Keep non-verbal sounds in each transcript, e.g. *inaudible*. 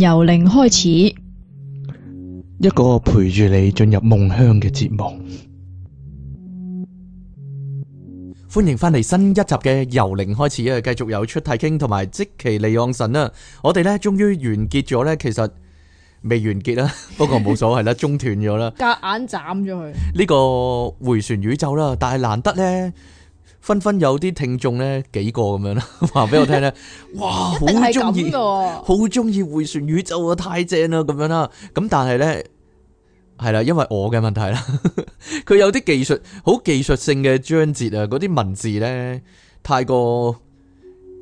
由零開始，一個陪住你進入夢鄉嘅節目。歡迎翻嚟新一集嘅由零開始啊！繼續有出題傾同埋即其利昂神啦。我哋咧終於完結咗咧，其實未完結啦，不過冇所謂啦， *laughs* 中斷咗啦，夾硬斬咗佢呢個回旋宇宙啦。但係難得咧。紛紛有啲聽眾咧，幾個咁樣啦，話俾我聽咧，哇，好中意，好中意回旋宇宙啊，太正啦，咁樣啦，咁但係咧，係啦，因為我嘅問題啦，佢有啲技術，好技術性嘅章節啊，嗰啲文字咧太過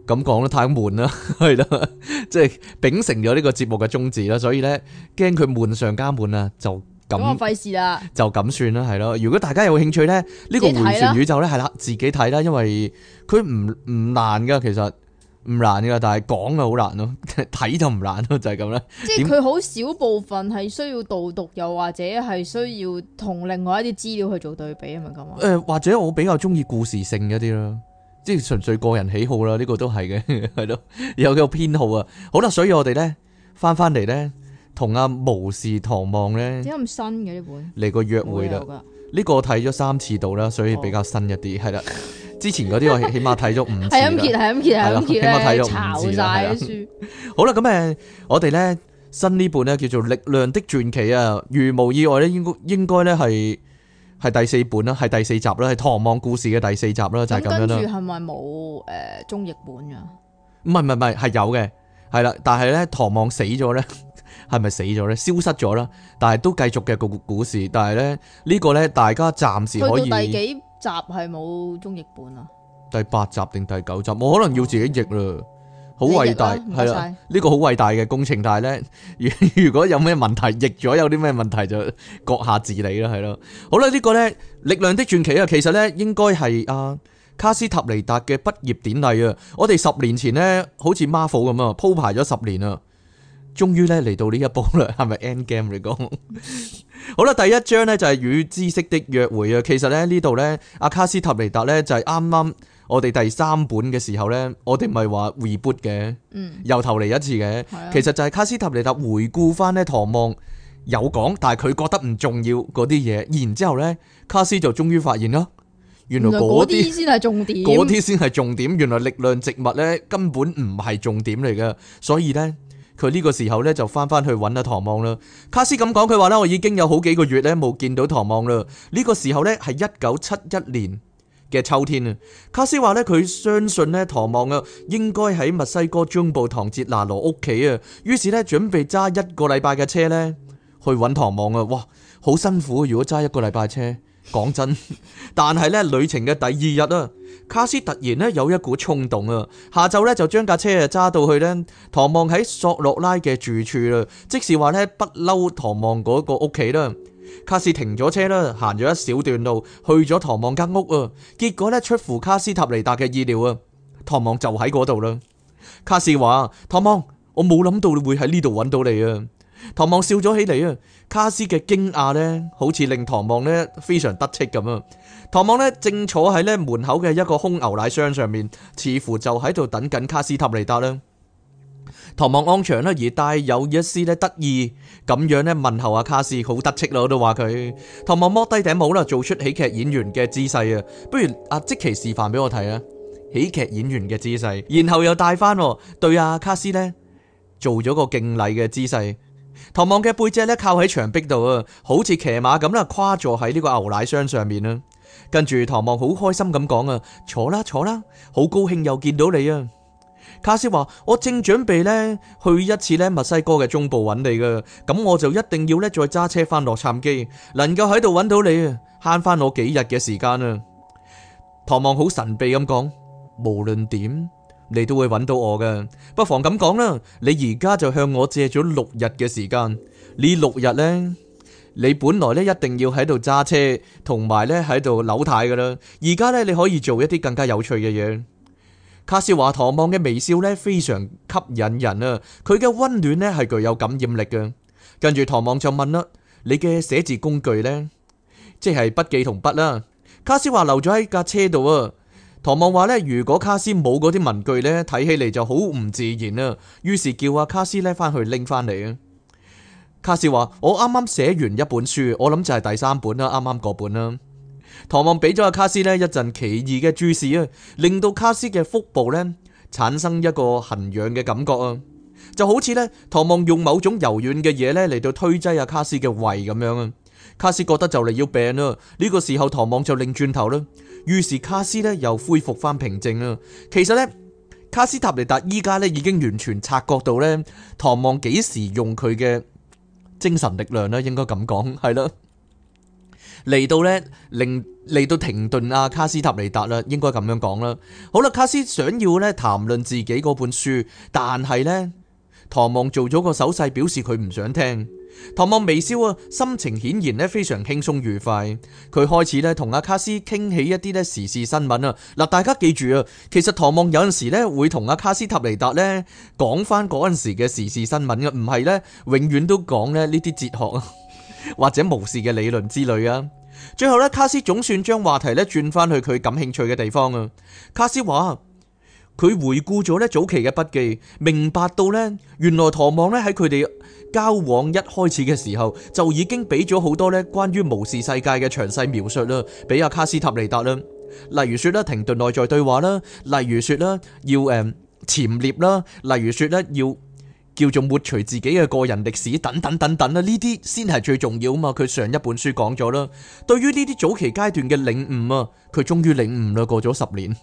咁講啦，太悶啦，係啦，即係秉承咗呢個節目嘅宗旨啦，所以咧驚佢悶上加悶啦，就。咁費事啦，就咁算啦，係咯。如果大家有興趣咧，呢個迴旋宇宙咧係啦，自己睇啦，因為佢唔唔難噶，其實唔難噶，但係講啊好難咯，睇就唔難咯，就係咁啦。即係佢好少部分係需要導讀，又或者係需要同另外一啲資料去做對比，係嘛？咁啊？誒，或者我比較中意故事性一啲啦，即係純粹個人喜好啦，呢個都係嘅，係咯，有個偏好啊。好啦，所以我哋咧翻翻嚟咧。同阿無視唐望咧，點解咁新嘅呢本？嚟個約會啦，呢個睇咗三次度啦，所以比較新一啲，係啦、哦。之前嗰啲我起碼睇咗五次啦。係咁揭，係咁揭，係咁起揭咧，炒曬書。好啦，咁誒，我哋咧新呢本咧叫做《力量的傳奇》啊，如無意外咧，應該應該咧係係第四本啦，係第四集啦，係唐望故事嘅第四集啦，就係、是、咁樣啦。跟住係咪冇誒中譯本㗎？唔係唔係唔係，係有嘅，係啦，但係咧唐望死咗咧。係咪死咗咧？消失咗啦，但係都繼續嘅個故事。但係咧呢、這個咧，大家暫時可以。去到第幾集係冇中譯本啊？第八集定第九集，我可能要自己譯啦。好偉大，係啦，呢、這個好偉大嘅工程。但係咧，如如果有咩問題，譯咗有啲咩問題就閣下自理啦，係咯。好啦，這個、呢個咧《力量的傳奇》啊，其實咧應該係阿卡斯塔尼達嘅畢業典禮啊。我哋十年前咧，好似 Marvel 咁啊，鋪排咗十年啊。終於咧嚟到呢一步啦，係咪 end game 嚟講？ *laughs* 好啦，第一章咧就係與知識的約會啊。其實咧呢度咧，阿卡斯塔尼達咧就係啱啱我哋第三本嘅時候咧，我哋唔係話 reboot 嘅，嗯、由頭嚟一次嘅。啊、其實就係卡斯塔尼達回顧翻咧，唐望有講，但係佢覺得唔重要嗰啲嘢。然之後咧，卡斯就終於發現啦，原來嗰啲先係重點，嗰啲先係重點。原來力量植物咧根本唔係重點嚟嘅，所以咧。佢呢個時候咧就翻翻去揾阿唐望啦。卡斯咁講，佢話咧我已經有好幾個月咧冇見到唐望啦。呢個時候咧係一九七一年嘅秋天啊。卡斯話咧佢相信咧唐望啊應該喺墨西哥中部唐捷拿羅屋企啊。於是咧準備揸一個禮拜嘅車咧去揾唐望啊。哇，好辛苦啊！如果揸一個禮拜車，講真。但係咧旅程嘅第二日啊。卡斯突然咧有一股衝動啊，下晝咧就將架車啊揸到去咧，唐望喺索洛拉嘅住處啦，即是話咧不嬲唐望嗰個屋企啦。卡斯停咗車啦，行咗一小段路去咗唐望間屋啊，結果咧出乎卡斯塔尼達嘅意料啊，唐望就喺嗰度啦。卡斯話：唐望，我冇諗到，到你會喺呢度揾到你啊！唐望笑咗起嚟啊！卡斯嘅驚訝呢，好似令唐望呢非常得戚咁啊！唐望呢，正坐喺呢門口嘅一個空牛奶箱上面，似乎就喺度等緊卡斯塔利達啦。唐望安詳呢，而帶有一絲呢得意咁樣呢問候阿、啊、卡斯，好得戚咯，我都話佢。唐望摸低頂帽啦，做出喜劇演員嘅姿勢啊！不如阿即奇示範俾我睇啊！喜劇演員嘅姿勢，然後又帶翻對阿、啊、卡斯呢做咗個敬禮嘅姿勢。唐望嘅背脊咧靠喺牆壁度啊，好似騎馬咁啦，跨坐喺呢個牛奶箱上面啦。跟住唐望好開心咁講啊，坐啦坐啦，好高興又見到你啊！卡斯話：我正準備咧去一次咧墨西哥嘅中部揾你噶，咁我就一定要咧再揸車翻洛杉磯，能夠喺度揾到你啊，慳翻我幾日嘅時間啊！唐望好神秘咁講，無論點。你都會揾到我噶，不妨咁講啦。你而家就向我借咗六日嘅時間，呢六日呢，你本來呢一定要喺度揸車，同埋呢喺度扭軚噶啦。而家呢，你可以做一啲更加有趣嘅嘢。卡斯華唐望嘅微笑呢非常吸引人啊，佢嘅溫暖呢係具有感染力嘅。跟住唐望就問啦：你嘅寫字工具呢？即係筆記同筆啦。卡斯華留咗喺架車度啊。唐望話咧，如果卡斯冇嗰啲文具咧，睇起嚟就好唔自然啊。於是叫阿卡斯咧翻去拎翻嚟啊。卡斯話：我啱啱寫完一本書，我諗就係第三本啦，啱啱嗰本啦。唐望俾咗阿卡斯呢一陣奇異嘅注視啊，令到卡斯嘅腹部咧產生一個痕癢嘅感覺啊，就好似咧唐望用某種柔軟嘅嘢咧嚟到推擠阿卡斯嘅胃咁樣啊。卡斯覺得就嚟要病啦，呢、這個時候唐望就擰轉，轉頭啦，於是卡斯咧又恢復返平靜啦。其實呢，卡斯塔尼達依家咧已經完全察覺到呢，唐望幾時用佢嘅精神力量咧，應該咁講係啦。嚟到咧，令嚟到停頓啊，卡斯塔尼達啦，應該咁樣講啦。好啦，卡斯想要呢談論自己嗰本書，但係呢，唐望做咗個手勢表示佢唔想聽。唐望微笑啊，心情顯然咧非常輕鬆愉快。佢開始咧同阿卡斯傾起一啲咧時事新聞啊。嗱，大家記住啊，其實唐望有陣時咧會同阿卡斯塔尼達咧講翻嗰陣時嘅時事新聞嘅，唔係咧永遠都講咧呢啲哲學啊或者無事嘅理論之類啊。最後咧，卡斯總算將話題咧轉翻去佢感興趣嘅地方啊。卡斯話。佢回顧咗咧早期嘅筆記，明白到咧原來唐望咧喺佢哋交往一開始嘅時候，就已經俾咗好多咧關於巫士世界嘅詳細描述啦，俾阿卡斯塔尼達啦，例如說咧停頓內在對話啦，例如說啦要誒、呃、潛獵啦，例如說咧要叫做抹除自己嘅個人歷史等等等等啦，呢啲先係最重要啊嘛！佢上一本書講咗啦，對於呢啲早期階段嘅領悟啊，佢終於領悟啦，過咗十年。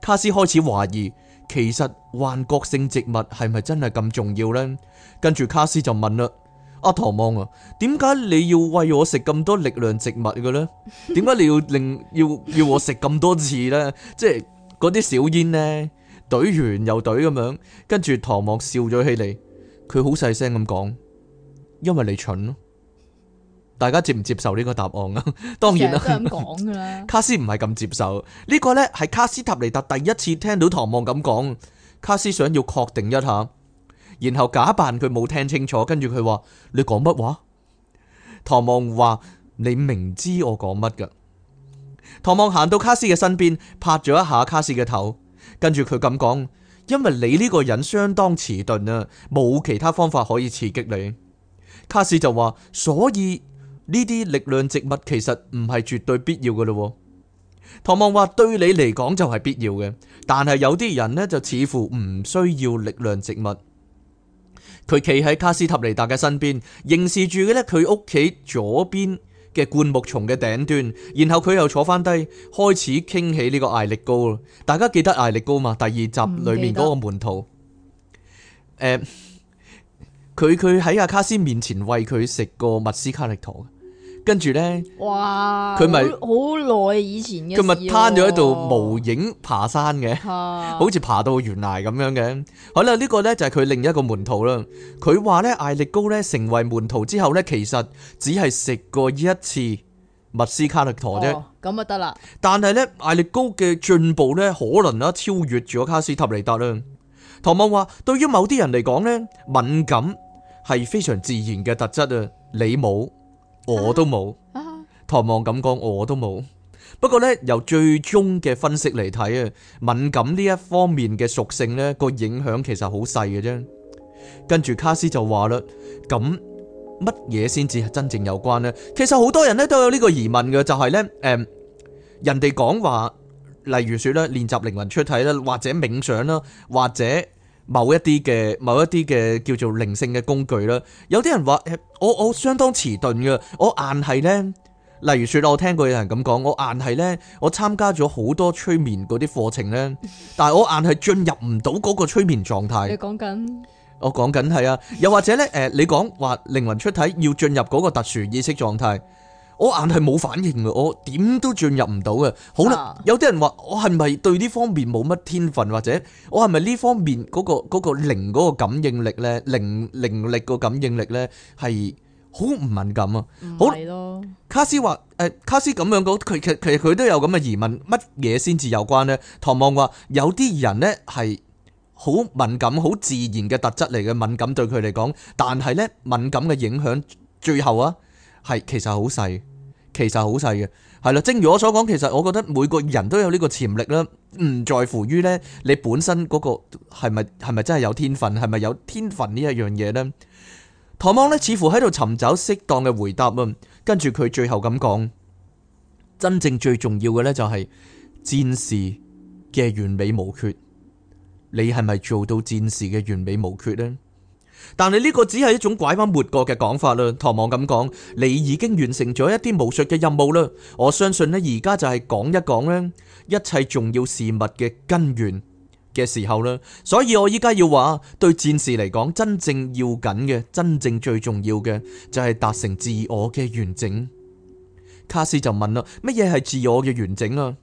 卡斯開始懷疑，其實幻覺性植物係咪真係咁重要呢？跟住卡斯就問啦：阿、啊、唐望啊，點解你要餵我食咁多力量植物嘅咧？點解你要令要要我食咁多次咧？即係嗰啲小煙呢，懟完又懟咁樣。跟住唐望笑咗起嚟，佢好細聲咁講：因為你蠢咯。大家接唔接受呢個答案啊？ *laughs* 當然了啦，卡斯唔係咁接受呢、這個呢係卡斯塔尼達第一次聽到唐望咁講。卡斯想要確定一下，然後假扮佢冇聽清楚，跟住佢話：你講乜話？唐望話：你明知我講乜噶。唐望行到卡斯嘅身邊，拍咗一下卡斯嘅頭，跟住佢咁講：因為你呢個人相當遲鈍啊，冇其他方法可以刺激你。卡斯就話：所以。呢啲力量植物其實唔係絕對必要噶咯。唐望話，對你嚟講就係必要嘅，但係有啲人呢就似乎唔需要力量植物。佢企喺卡斯塔尼達嘅身邊，凝視住嘅呢佢屋企左邊嘅灌木叢嘅頂端，然後佢又坐翻低，開始傾起呢個艾力高。大家記得艾力高嘛？第二集裏面嗰個門徒，誒，佢佢喺阿卡斯面前餵佢食過密斯卡力圖。跟住咧，佢咪好耐以前嘅，佢咪攤咗喺度無影爬山嘅、啊，好似爬到懸崖咁樣嘅。好啦，呢個咧就係佢另一個門徒啦。佢話咧艾力高咧成為門徒之後咧，其實只係食過一次密斯卡力陀啫。咁、哦、就得啦。但係咧艾力高嘅進步咧可能啊超越咗卡斯塔尼達啦。唐望話：對於某啲人嚟講咧，敏感係非常自然嘅特質啊，你冇。我都冇，唐望咁講我都冇。不過呢，由最終嘅分析嚟睇啊，敏感呢一方面嘅屬性呢個影響其實好細嘅啫。跟住卡斯就話啦，咁乜嘢先至係真正有關呢？其實好多人呢都有呢個疑問嘅，就係、是、呢：誒、嗯，人哋講話，例如說咧練習靈魂出體啦，或者冥想啦，或者。某一啲嘅某一啲嘅叫做靈性嘅工具啦，有啲人話誒，我我相當遲鈍嘅，我硬係呢，例如說，我聽過有人咁講，我硬係呢，我參加咗好多催眠嗰啲課程呢。但係我硬係進入唔到嗰個催眠狀態。你講緊？我講緊係啊，又或者呢，誒、呃，你講話靈魂出體要進入嗰個特殊意識狀態。我硬係冇反應嘅，我點都進入唔到嘅。好啦，有啲人話我係咪對呢方面冇乜天分，或者我係咪呢方面嗰個嗰個靈嗰個感應力咧，靈靈力個感應力咧係好唔敏感啊？好，卡斯話誒，卡斯咁樣講，佢其實其實佢都有咁嘅疑問，乜嘢先至有關咧？唐望話有啲人咧係好敏感、好自然嘅特質嚟嘅，敏感對佢嚟講，但係咧敏感嘅影響最後啊係其實好細。其實好細嘅，係啦。正如我所講，其實我覺得每個人都有呢個潛力啦，唔在乎於呢，你本身嗰個係咪係咪真係有天分，係咪有天分呢一樣嘢呢？唐望呢，似乎喺度尋找適當嘅回答啊，跟住佢最後咁講，真正最重要嘅呢，就係戰士嘅完美無缺。你係咪做到戰士嘅完美無缺呢？」但係呢個只係一種拐彎抹角嘅講法啦，唐望咁講，你已經完成咗一啲巫術嘅任務啦。我相信呢，而家就係講一講呢一切重要事物嘅根源嘅時候啦。所以我依家要話，對戰士嚟講，真正要緊嘅、真正最重要嘅就係達成自我嘅完整。卡斯就問啦，乜嘢係自我嘅完整啊？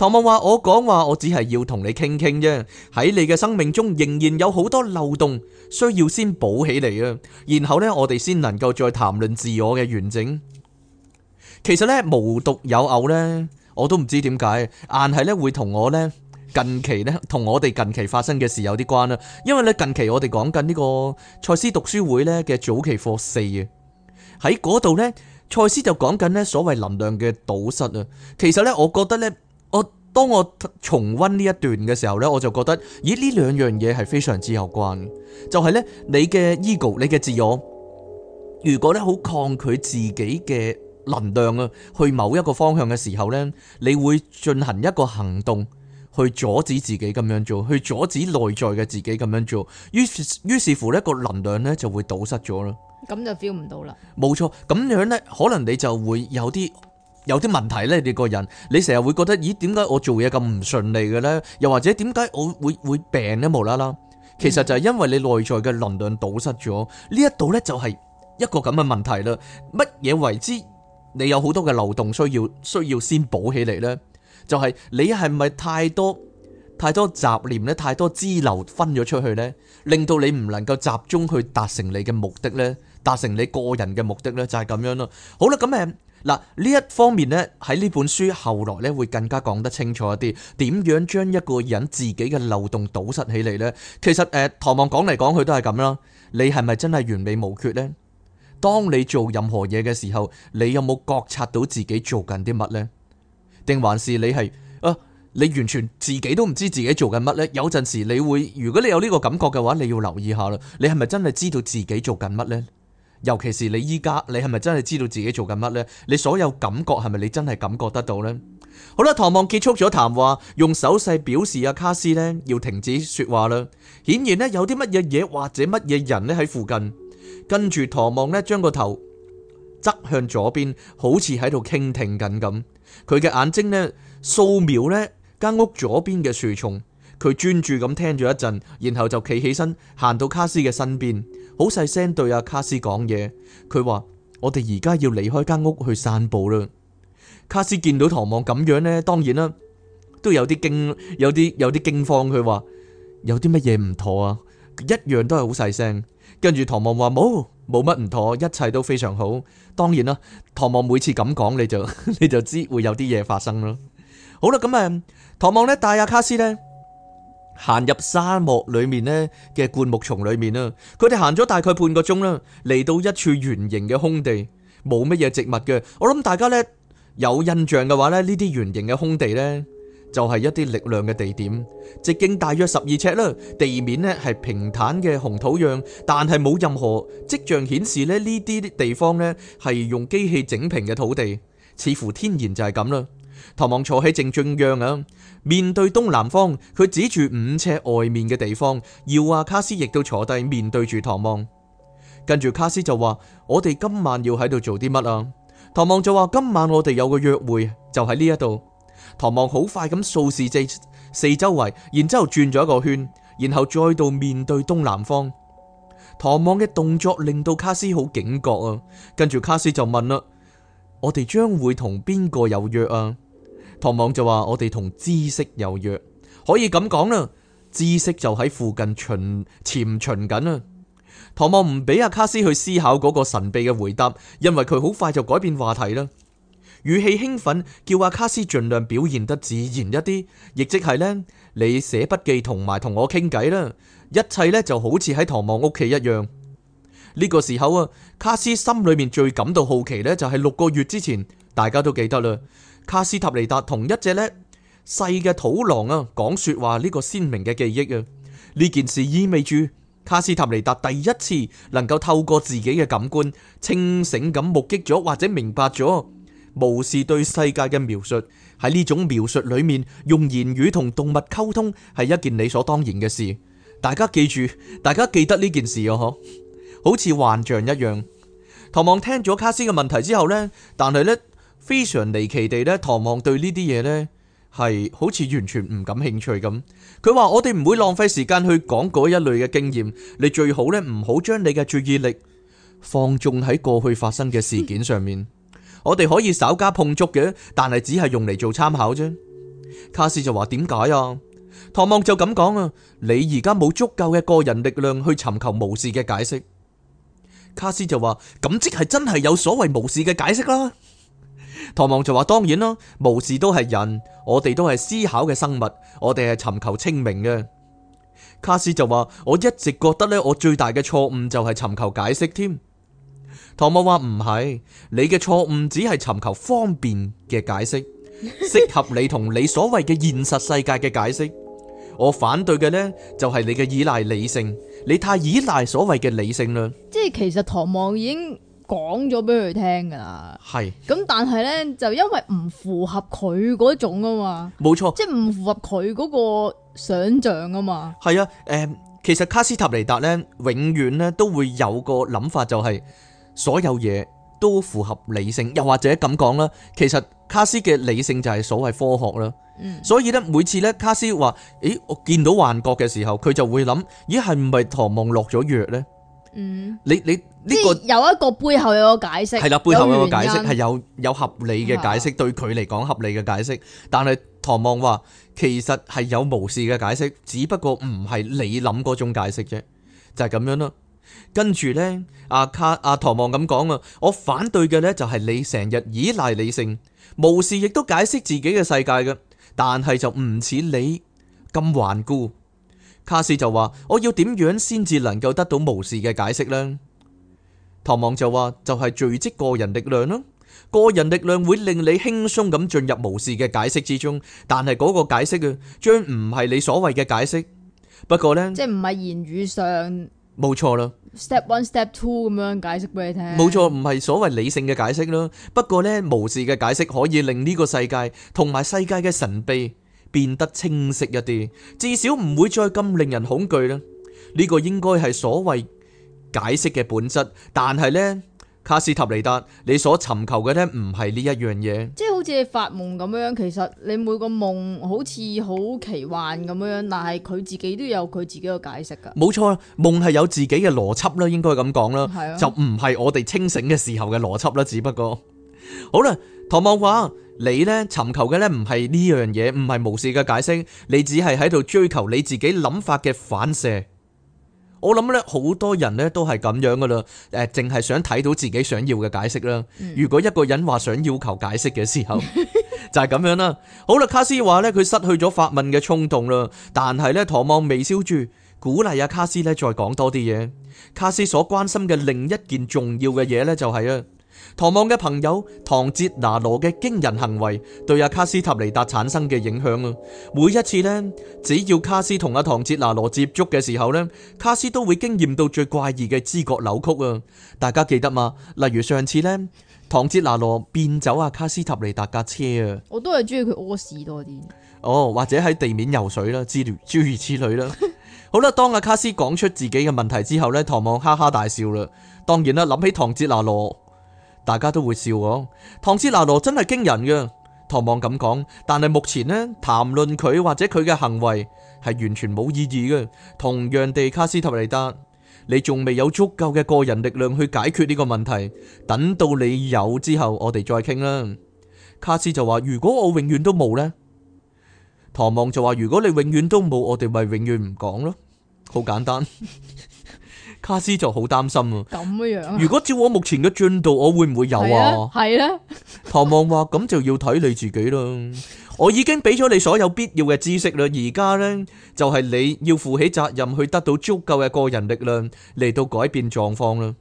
唐望話：我講話，我只係要同你傾傾啫。喺你嘅生命中，仍然有好多漏洞需要先補起嚟啊。然後呢，我哋先能夠再談論自我嘅完整。其實呢，無獨有偶呢，我都唔知點解，硬係呢，會同我呢近期呢同我哋近期發生嘅事有啲關啦。因為呢，近期我哋講緊呢個賽斯讀書會呢嘅早期課四啊，喺嗰度呢，賽斯就講緊呢所謂能量嘅堵塞啊。其實呢，我覺得呢。當我重温呢一段嘅時候呢，我就覺得，咦？呢兩樣嘢係非常之有關，就係呢：你嘅 ego，你嘅自我，如果呢好抗拒自己嘅能量啊，去某一個方向嘅時候呢，你會進行一個行動去阻止自己咁樣做，去阻止內在嘅自己咁樣做，於是，於是乎呢個能量呢就會堵塞咗啦。咁就 feel 唔到啦。冇錯，咁樣呢可能你就會有啲。有啲問題咧，你個人，你成日會覺得，咦？點解我做嘢咁唔順利嘅咧？又或者點解我會會病咧？無啦啦，其實就係因為你內在嘅能量堵塞咗。呢一度咧就係一個咁嘅問題啦。乜嘢為之？你有好多嘅漏洞需要，需要先補起嚟咧。就係你係咪太多太多雜念咧？太多支流分咗出去咧，令到你唔能夠集中去達成你嘅目的咧，達成你個人嘅目的咧，就係咁樣咯。好啦，咁誒。嗱呢一方面呢，喺呢本書後來呢會更加講得清楚一啲，點樣將一個人自己嘅漏洞堵塞起嚟呢。其實誒，唐望講嚟講去都係咁啦。你係咪真係完美無缺呢？當你做任何嘢嘅時候，你有冇覺察到自己做緊啲乜呢？定還是你係啊？你完全自己都唔知自己做緊乜呢？有陣時你會，如果你有呢個感覺嘅話，你要留意下啦。你係咪真係知道自己做緊乜呢？尤其是你依家，你係咪真係知道自己做緊乜呢？你所有感覺係咪你真係感覺得到呢？好啦，唐望結束咗談話，用手勢表示阿卡斯呢要停止說話啦。顯然呢，有啲乜嘢嘢或者乜嘢人呢喺附近。跟住唐望呢將個頭側向左邊，好似喺度傾聽緊咁。佢嘅眼睛呢掃描呢間屋左邊嘅樹叢。佢專注咁聽咗一陣，然後就企起身行到卡斯嘅身邊。好細聲對阿卡斯講嘢，佢話：我哋而家要離開間屋去散步啦。卡斯見到唐望咁樣呢，當然啦，都有啲驚，有啲有啲驚慌。佢話：有啲乜嘢唔妥啊？一樣都係好細聲。跟住唐望話冇冇乜唔妥，一切都非常好。當然啦，唐望每次咁講，你就你就知會有啲嘢發生咯。好啦，咁誒，唐望呢帶阿卡斯呢。行入沙漠裏面呢嘅灌木叢裏面啊，佢哋行咗大概半個鐘啦，嚟到一處圓形嘅空地，冇乜嘢植物嘅。我諗大家呢，有印象嘅話呢，呢啲圓形嘅空地呢，就係一啲力量嘅地點。直徑大約十二尺啦，地面呢係平坦嘅紅土壤，但係冇任何跡象顯示呢呢啲地方呢係用機器整平嘅土地，似乎天然就係咁啦。唐望坐喺正中央啊。面對東南方，佢指住五尺外面嘅地方，要阿卡斯亦都坐低面對住唐望。跟住卡斯就話：我哋今晚要喺度做啲乜啊？唐望就話：今晚我哋有個約會，就喺呢一度。唐望好快咁掃視四周圍，然之後轉咗一個圈，然後再度面對東南方。唐望嘅動作令到卡斯好警覺啊！跟住卡斯就問啦：我哋將會同邊個有約啊？唐望就話：我哋同知識有約，可以咁講啦。知識就喺附近潛潛尋緊啦。唐望唔俾阿卡斯去思考嗰個神秘嘅回答，因為佢好快就改變話題啦。語氣興奮，叫阿卡斯盡量表現得自然一啲，亦即係呢：「你寫筆記同埋同我傾偈啦。一切呢就好似喺唐望屋企一樣。呢個時候啊，卡斯心裏面最感到好奇呢，就係六個月之前，大家都記得啦。卡斯塔尼達同一隻咧細嘅土狼啊，講說話呢個鮮明嘅記憶啊，呢件事意味住卡斯塔尼達第一次能夠透過自己嘅感官清醒咁目擊咗或者明白咗巫士對世界嘅描述喺呢種描述裏面用言語同動物溝通係一件理所當然嘅事，大家記住，大家記得呢件事啊，嗬，好似幻象一樣。唐望聽咗卡斯嘅問題之後呢，但係呢。非常離奇地咧，唐望對呢啲嘢咧係好似完全唔感興趣咁。佢話我哋唔會浪費時間去講嗰一類嘅經驗，你最好咧唔好將你嘅注意力放縱喺過去發生嘅事件上面。我哋可以稍加碰觸嘅，但係只係用嚟做參考啫。卡斯就話，點解啊？唐望就咁講啊，你而家冇足夠嘅個人力量去尋求無視嘅解釋。卡斯就話咁即係真係有所謂無視嘅解釋啦。唐望就話當然啦，無事都係人，我哋都係思考嘅生物，我哋係尋求清明嘅。卡斯就話：我一直覺得咧，我最大嘅錯誤就係尋求解釋添。唐望話唔係，你嘅錯誤只係尋求方便嘅解釋，適合你同你所謂嘅現實世界嘅解釋。 *laughs* 我反對嘅呢，就係、是、你嘅依賴理性，你太依賴所謂嘅理性啦。即係其實唐望已經。講咗俾佢聽噶啦，係咁，但係咧就因為唔符合佢嗰種啊嘛，冇錯，即係唔符合佢嗰個想象啊嘛，係啊，誒，其實卡斯塔尼達咧永遠咧都會有個諗法，就係所有嘢都符合理性，又或者咁講啦，其實卡斯嘅理性就係所謂科學啦，嗯，所以咧每次咧卡斯話，誒，我見到幻覺嘅時候，佢就會諗，咦，係唔係唐望落咗藥咧？嗯，你你呢、這個有一個背後有個解釋，係啦，背後有個解釋，係有有合理嘅解釋的對佢嚟講合理嘅解釋，但係唐望話其實係有無視嘅解釋，只不過唔係你諗嗰種解釋啫，就係、是、咁樣咯。跟住呢，阿、啊、卡阿、啊、唐望咁講啊，我反對嘅呢就係你成日依賴理性，無視亦都解釋自己嘅世界嘅，但係就唔似你咁頑固。卡斯就話：我要點樣先至能夠得到巫士嘅解釋呢？唐望就話：就係聚積個人力量囉，個人力量會令你輕鬆咁進入巫士嘅解釋之中，但係嗰個解釋啊，將唔係你所謂嘅解釋。不過呢，即係唔係言語上，冇錯囉。Step one, step two 咁樣解釋俾你聽，冇錯，唔係所謂理性嘅解釋囉。不過呢，巫士嘅解釋可以令呢個世界同埋世界嘅神秘。變得清晰一啲，至少唔會再咁令人恐懼啦。呢個應該係所謂解釋嘅本質，但係咧，卡斯塔尼達，你所尋求嘅咧唔係呢一樣嘢。即係好似你發夢咁樣，其實你每個夢好似好奇幻咁樣，但係佢自己都有佢自己嘅解釋噶。冇錯，夢係有自己嘅邏輯啦，應該咁講啦，就唔係我哋清醒嘅時候嘅邏輯啦，只不過好啦，唐望話。你呢，尋求嘅呢，唔係呢樣嘢，唔係無視嘅解釋，你只係喺度追求你自己諗法嘅反射。我諗呢，好多人呢，都係咁樣㗎喇，淨係想睇到自己想要嘅解釋啦。如果一個人話想要求解釋嘅時候，就係咁樣啦。好啦，卡斯話呢，佢失去咗發問嘅衝動啦。但係呢，唐望微笑住，鼓勵阿卡斯呢，再講多啲嘢。卡斯所關心嘅另一件重要嘅嘢呢，就係, *laughs* 唐望嘅朋友唐哲拿羅嘅驚人行為對阿卡斯塔尼達產生嘅影響啊。每一次呢，只要卡斯同阿唐哲拿羅接觸嘅時候呢，卡斯都會經驗到最怪異嘅知覺扭曲啊。大家記得嗎？例如上次呢，唐哲拿羅變走阿卡斯塔尼達架車啊。我都係中意佢屙屎多啲。哦，oh, 或者喺地面游水啦，之類諸如此類啦。類 *laughs* 好啦，當阿卡斯講出自己嘅問題之後呢，唐望哈哈大笑啦。當然啦，諗起唐哲拿羅。大家都會笑我，唐斯拿羅真係驚人嘅，唐望咁講。但係目前呢，談論佢或者佢嘅行為係完全冇意義嘅。同樣地，卡斯塔尼達，你仲未有足夠嘅個人力量去解決呢個問題。等到你有之後，我哋再傾啦。卡斯就話：如果我永遠都冇呢？唐望就話：如果你永遠都冇，我哋咪永遠唔講咯。好簡單。卡斯就好擔心啊！咁樣，如果照我目前嘅進度，我會唔會有啊？係啊。唐望話：咁就要睇你自己啦。我已經俾咗你所有必要嘅知識啦，而家呢就係你要負起責任去得到足夠嘅個人力量嚟到改變狀況啦。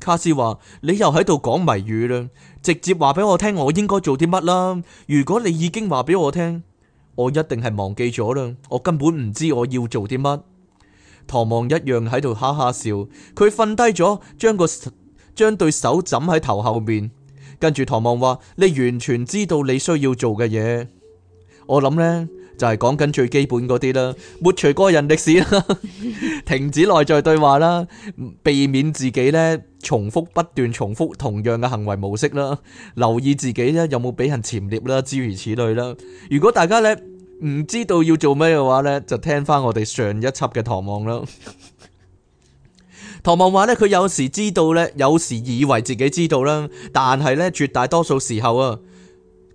卡斯話：你又喺度講謎語啦！直接話俾我聽，我應該做啲乜啦？如果你已經話俾我聽，我一定係忘記咗啦。我根本唔知我要做啲乜。唐望一樣喺度哈哈笑，佢瞓低咗，將個將對手枕喺頭後面。跟住唐望話：你完全知道你需要做嘅嘢。我諗呢就係講緊最基本嗰啲啦，抹除個人歷史啦， *laughs* 停止內在對話啦，避免自己呢重複不斷重複同樣嘅行為模式啦，留意自己呢有冇俾人潛獵啦，諸如此類啦。如果大家呢……唔知道要做咩嘅話呢，就聽翻我哋上一輯嘅唐望啦。唐望話呢，佢有時知道呢，有時以為自己知道啦，但係呢，絕大多數時候啊，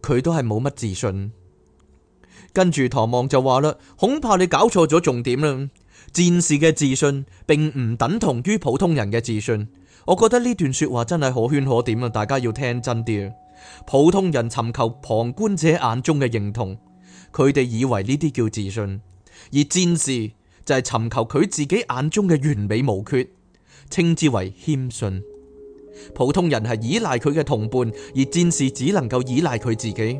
佢都係冇乜自信。跟住唐望就話啦，恐怕你搞錯咗重點啦。戰士嘅自信並唔等同於普通人嘅自信。我覺得呢段說話真係可圈可點啊！大家要聽真啲啊。普通人尋求旁觀者眼中嘅認同。佢哋以為呢啲叫自信，而戰士就係尋求佢自己眼中嘅完美無缺，稱之為謙遜。普通人係依賴佢嘅同伴，而戰士只能夠依賴佢自己。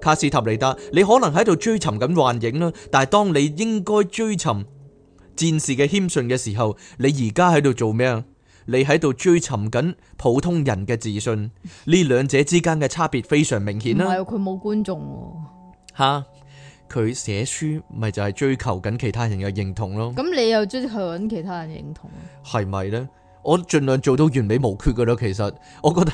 卡斯塔尼達，你可能喺度追尋緊幻影啦，但係當你應該追尋戰士嘅謙遜嘅時候，你而家喺度做咩啊？你喺度追尋緊普通人嘅自信，呢兩者之間嘅差別非常明顯啦。唔係，佢冇觀眾。吓，佢寫書咪就係、是、追求緊其他人嘅認同咯，咁你又追求緊其他人認同係咪咧？我盡量做到完美無缺噶咯。其實我覺得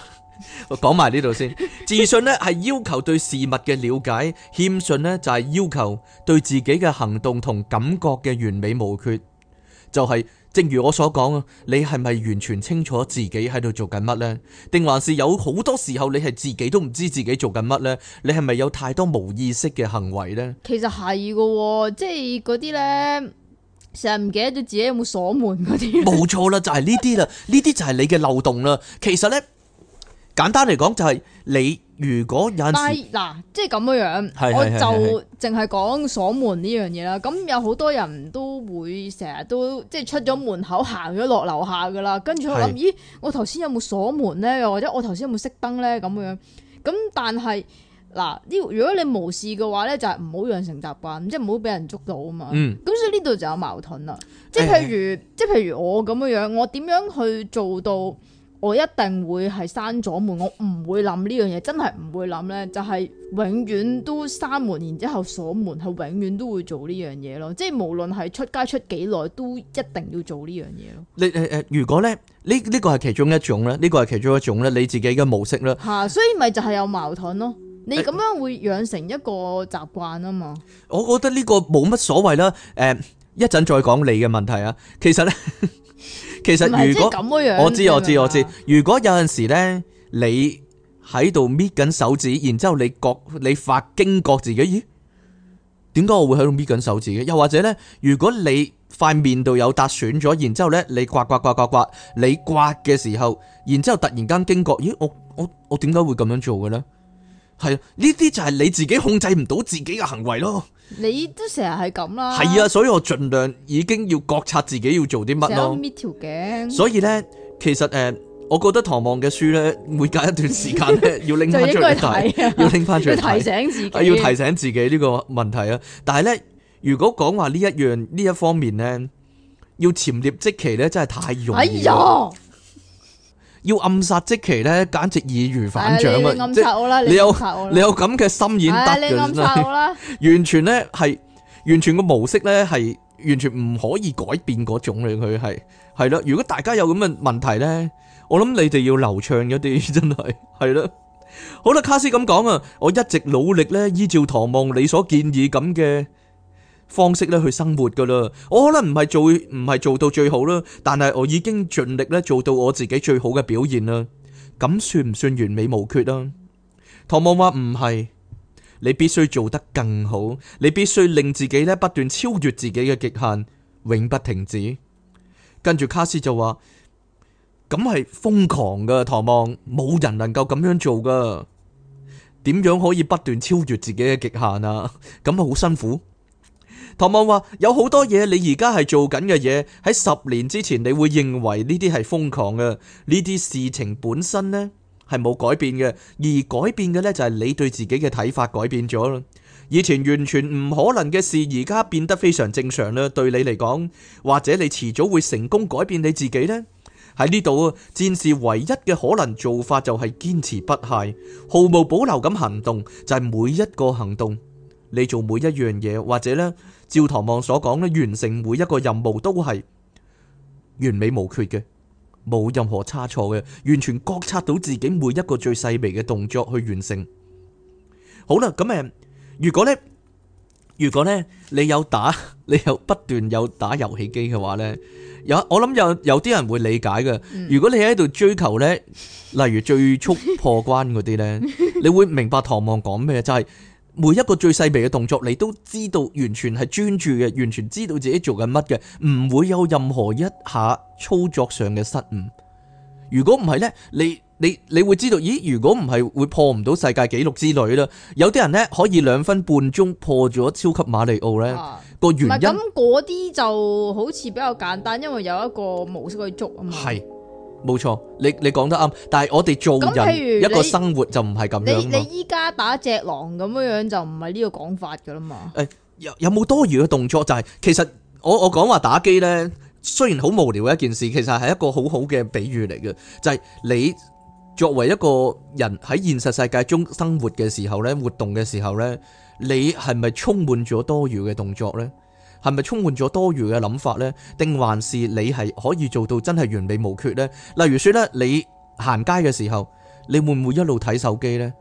我講埋呢度先， *laughs* 自信咧係要求對事物嘅了解，謙遜咧就係要求對自己嘅行動同感覺嘅完美無缺，就係、是。正如我所講啊，你係咪完全清楚自己喺度做緊乜呢？定還是有好多時候你係自己都唔知自己做緊乜呢？你係咪有太多無意識嘅行為呢？其實係嘅，即係嗰啲呢，成日唔記得咗自己有冇鎖門嗰啲。冇錯啦，就係呢啲啦，呢啲就係你嘅漏洞啦。其實呢，簡單嚟講就係你。如果有，但係嗱，即係咁樣樣，是的 我就淨係講鎖門呢樣嘢啦。咁是的 有好多人都會成日都即係出咗門口行咗落樓下噶啦，跟住我諗，是的 咦，我頭先有冇鎖門咧？又或者我頭先有冇熄燈咧？咁樣咁，但係嗱，呢如果你無視嘅話咧，就係唔好養成習慣，即係唔好俾人捉到啊嘛。咁、嗯、所以呢度就有矛盾啦。即係譬如，即係譬如我咁樣樣，我點樣去做到？我一定會係閂咗門，我唔會諗呢樣嘢，真係唔會諗呢，就係、是、永遠都閂門，然之後鎖門，係永遠都會做呢樣嘢咯。即係無論係出街出幾耐，都一定要做呢樣嘢咯。你誒誒、呃呃，如果呢呢、這個係、這個、其中一種呢，呢、這個係其中一種呢，你自己嘅模式咧。吓、啊，所以咪就係有矛盾咯。你咁樣會養成一個習慣啊嘛。我覺得呢個冇乜所謂啦。誒、呃，一陣再講你嘅問題啊。其實呢。 *laughs* 其實如果、就是、咁樣我知我知我知，嗎如果有陣時咧，你喺度搣緊手指，然之後你覺你發驚覺自己，咦？點解我會喺度搣緊手指嘅？又或者呢，如果你塊面度有搭損咗，然之後咧你刮刮刮刮刮，你刮嘅時候，然之後突然間驚覺，咦？我我我點解會咁樣做嘅呢？係啊，呢啲就係你自己控制唔到自己嘅行為咯。你都成日係咁啦。係啊，所以我盡量已經要覺察自己要做啲乜咯。所以咧，其實誒、呃，我覺得《唐望》嘅書咧，每隔一段時間咧， *laughs* 要拎翻出嚟睇，要拎翻出嚟提醒自己，要提醒自己呢 *laughs* 個問題啊。但係咧，如果講話呢一樣呢一方面咧，要潛獵即奇咧，真係太容易。哎要暗殺即其咧，簡直易如反掌啊！你暗殺我啦，你有你有咁嘅心眼得嘅真係。完全咧係，完全個模式咧係，完全唔可以改變嗰種咧佢係係咯。如果大家有咁嘅問題咧，我諗你哋要流暢一啲，真係係咯。好啦，卡斯咁講啊，我一直努力咧，依照唐望你所建議咁嘅。方式咧去生活噶啦，我可能唔係做唔係做到最好啦，但係我已經盡力咧做到我自己最好嘅表現啦。咁算唔算完美無缺啊？唐望話唔係，你必須做得更好，你必須令自己咧不斷超越自己嘅極限，永不停止。跟住卡斯就話：咁係瘋狂噶，唐望，冇人能夠咁樣做噶。點樣可以不斷超越自己嘅極限啊？咁好辛苦。唐望話：有好多嘢，你而家係做緊嘅嘢，喺十年之前你會認為呢啲係瘋狂嘅，呢啲事情本身呢係冇改變嘅，而改變嘅咧就係你對自己嘅睇法改變咗啦。以前完全唔可能嘅事，而家變得非常正常啦。對你嚟講，或者你遲早會成功改變你自己咧。喺呢度，戰士唯一嘅可能做法就係堅持不懈，毫無保留咁行動，就係每一個行動。你做每一樣嘢，或者咧，照唐望所講咧，完成每一個任務都係完美無缺嘅，冇任何差錯嘅，完全覺察到自己每一個最細微嘅動作去完成。好啦，咁誒，如果咧，如果咧，你有打，你有不斷有打遊戲機嘅話咧，有我諗有有啲人會理解嘅。如果你喺度追求咧，例如最速破關嗰啲咧，你會明白唐望講咩，就係。每一個最細微嘅動作，你都知道，完全係專注嘅，完全知道自己做緊乜嘅，唔會有任何一下操作上嘅失誤。如果唔係呢，你你，你會知道，咦？如果唔係會破唔到世界紀錄之類啦。有啲人呢，可以兩分半鐘破咗超級馬里奧呢，個、啊、原因，咁嗰啲就好似比較簡單，因為有一個模式去捉啊嘛。冇錯，你你講得啱，但係我哋做人一個生活就唔係咁樣。你你依家打隻狼咁樣樣就唔係呢個講法噶啦嘛。誒、哎，有有冇多餘嘅動作？就係、是、其實我我講話打機呢，雖然好無聊嘅一件事，其實係一個好好嘅比喻嚟嘅。就係、是、你作為一個人喺現實世界中生活嘅時候呢，活動嘅時候呢，你係咪充滿咗多餘嘅動作呢？係咪充滿咗多餘嘅諗法呢？定還是你係可以做到真係完美無缺呢？例如說咧，你行街嘅時候，你會唔會一路睇手機呢？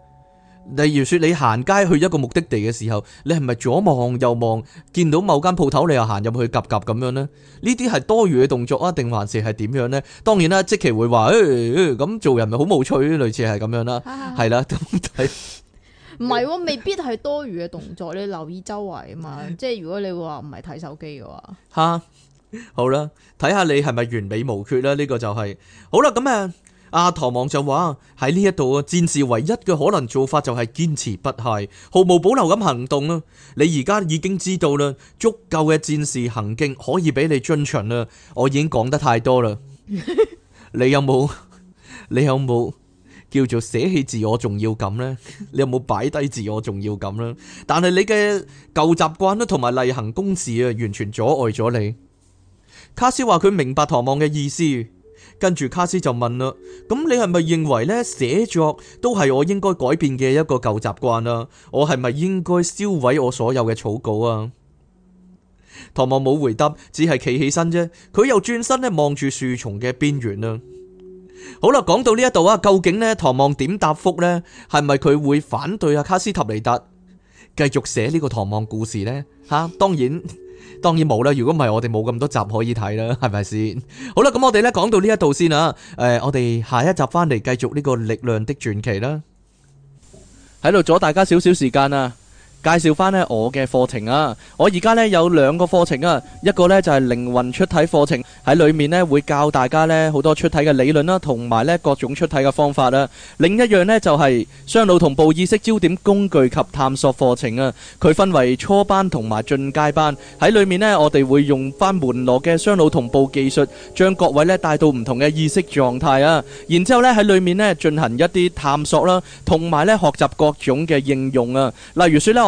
例如說你行街去一個目的地嘅時候，你係咪左望右望，見到某間鋪頭你又行入去 𥄫𥄫 咁樣呢？呢啲係多餘嘅動作啊？定還是係點樣呢？當然啦，即期會話，呃、咁做人咪好無趣，類似係咁樣啦，係啦、啊，都係是的。 *laughs* 唔係、啊，未必係多餘嘅動作。你留意周圍啊嘛，即係如果你話唔係睇手機嘅話，吓、啊、好啦，睇下你係咪完美無缺啦？呢、這個就係、是、好啦。咁啊，阿唐望就話喺呢一度啊，戰士唯一嘅可能做法就係堅持不懈，毫無保留咁行動啊！你而家已經知道啦，足夠嘅戰士行徑可以俾你遵循啦。我已經講得太多啦， *laughs* 你有冇？你有冇？叫做捨棄自我重要感呢？ *laughs* 你有冇擺低自我重要感呢？但係你嘅舊習慣啦，同埋例行公事啊，完全阻礙咗你。卡斯話佢明白唐望嘅意思，跟住卡斯就問啦，咁你係咪認為咧寫作都係我應該改變嘅一個舊習慣啊？我係咪應該銷毀我所有嘅草稿啊？唐望冇回答，只係企起身啫。佢又轉身咧望住樹叢嘅邊緣啦。好啦，講到呢一度啊，究竟呢，唐望點答覆呢，係咪佢會反對阿卡斯塔尼達，繼續寫呢個唐望故事呢？吓，當然，當然冇啦，如果唔係,我哋冇咁多集可以睇啦,係咪先。好啦，咁我哋呢，講到呢一度先啦，呃，我哋下一集返嚟繼續呢個力量的傳奇啦。喺度阻大家少少時間啊。介紹翻呢我嘅課程啊！我而家呢有兩個課程啊，一個呢就係靈魂出體課程，喺裡面呢會教大家呢好多出體嘅理論啦，同埋呢各種出體嘅方法啦。另一樣呢就係雙腦同步意識焦點工具及探索課程啊。佢分為初班同埋進階班，喺裡面呢我哋會用翻門羅嘅雙腦同步技術，將各位呢帶到唔同嘅意識狀態啊。然之後呢喺裡面呢進行一啲探索啦，同埋呢學習各種嘅應用啊。例如説呢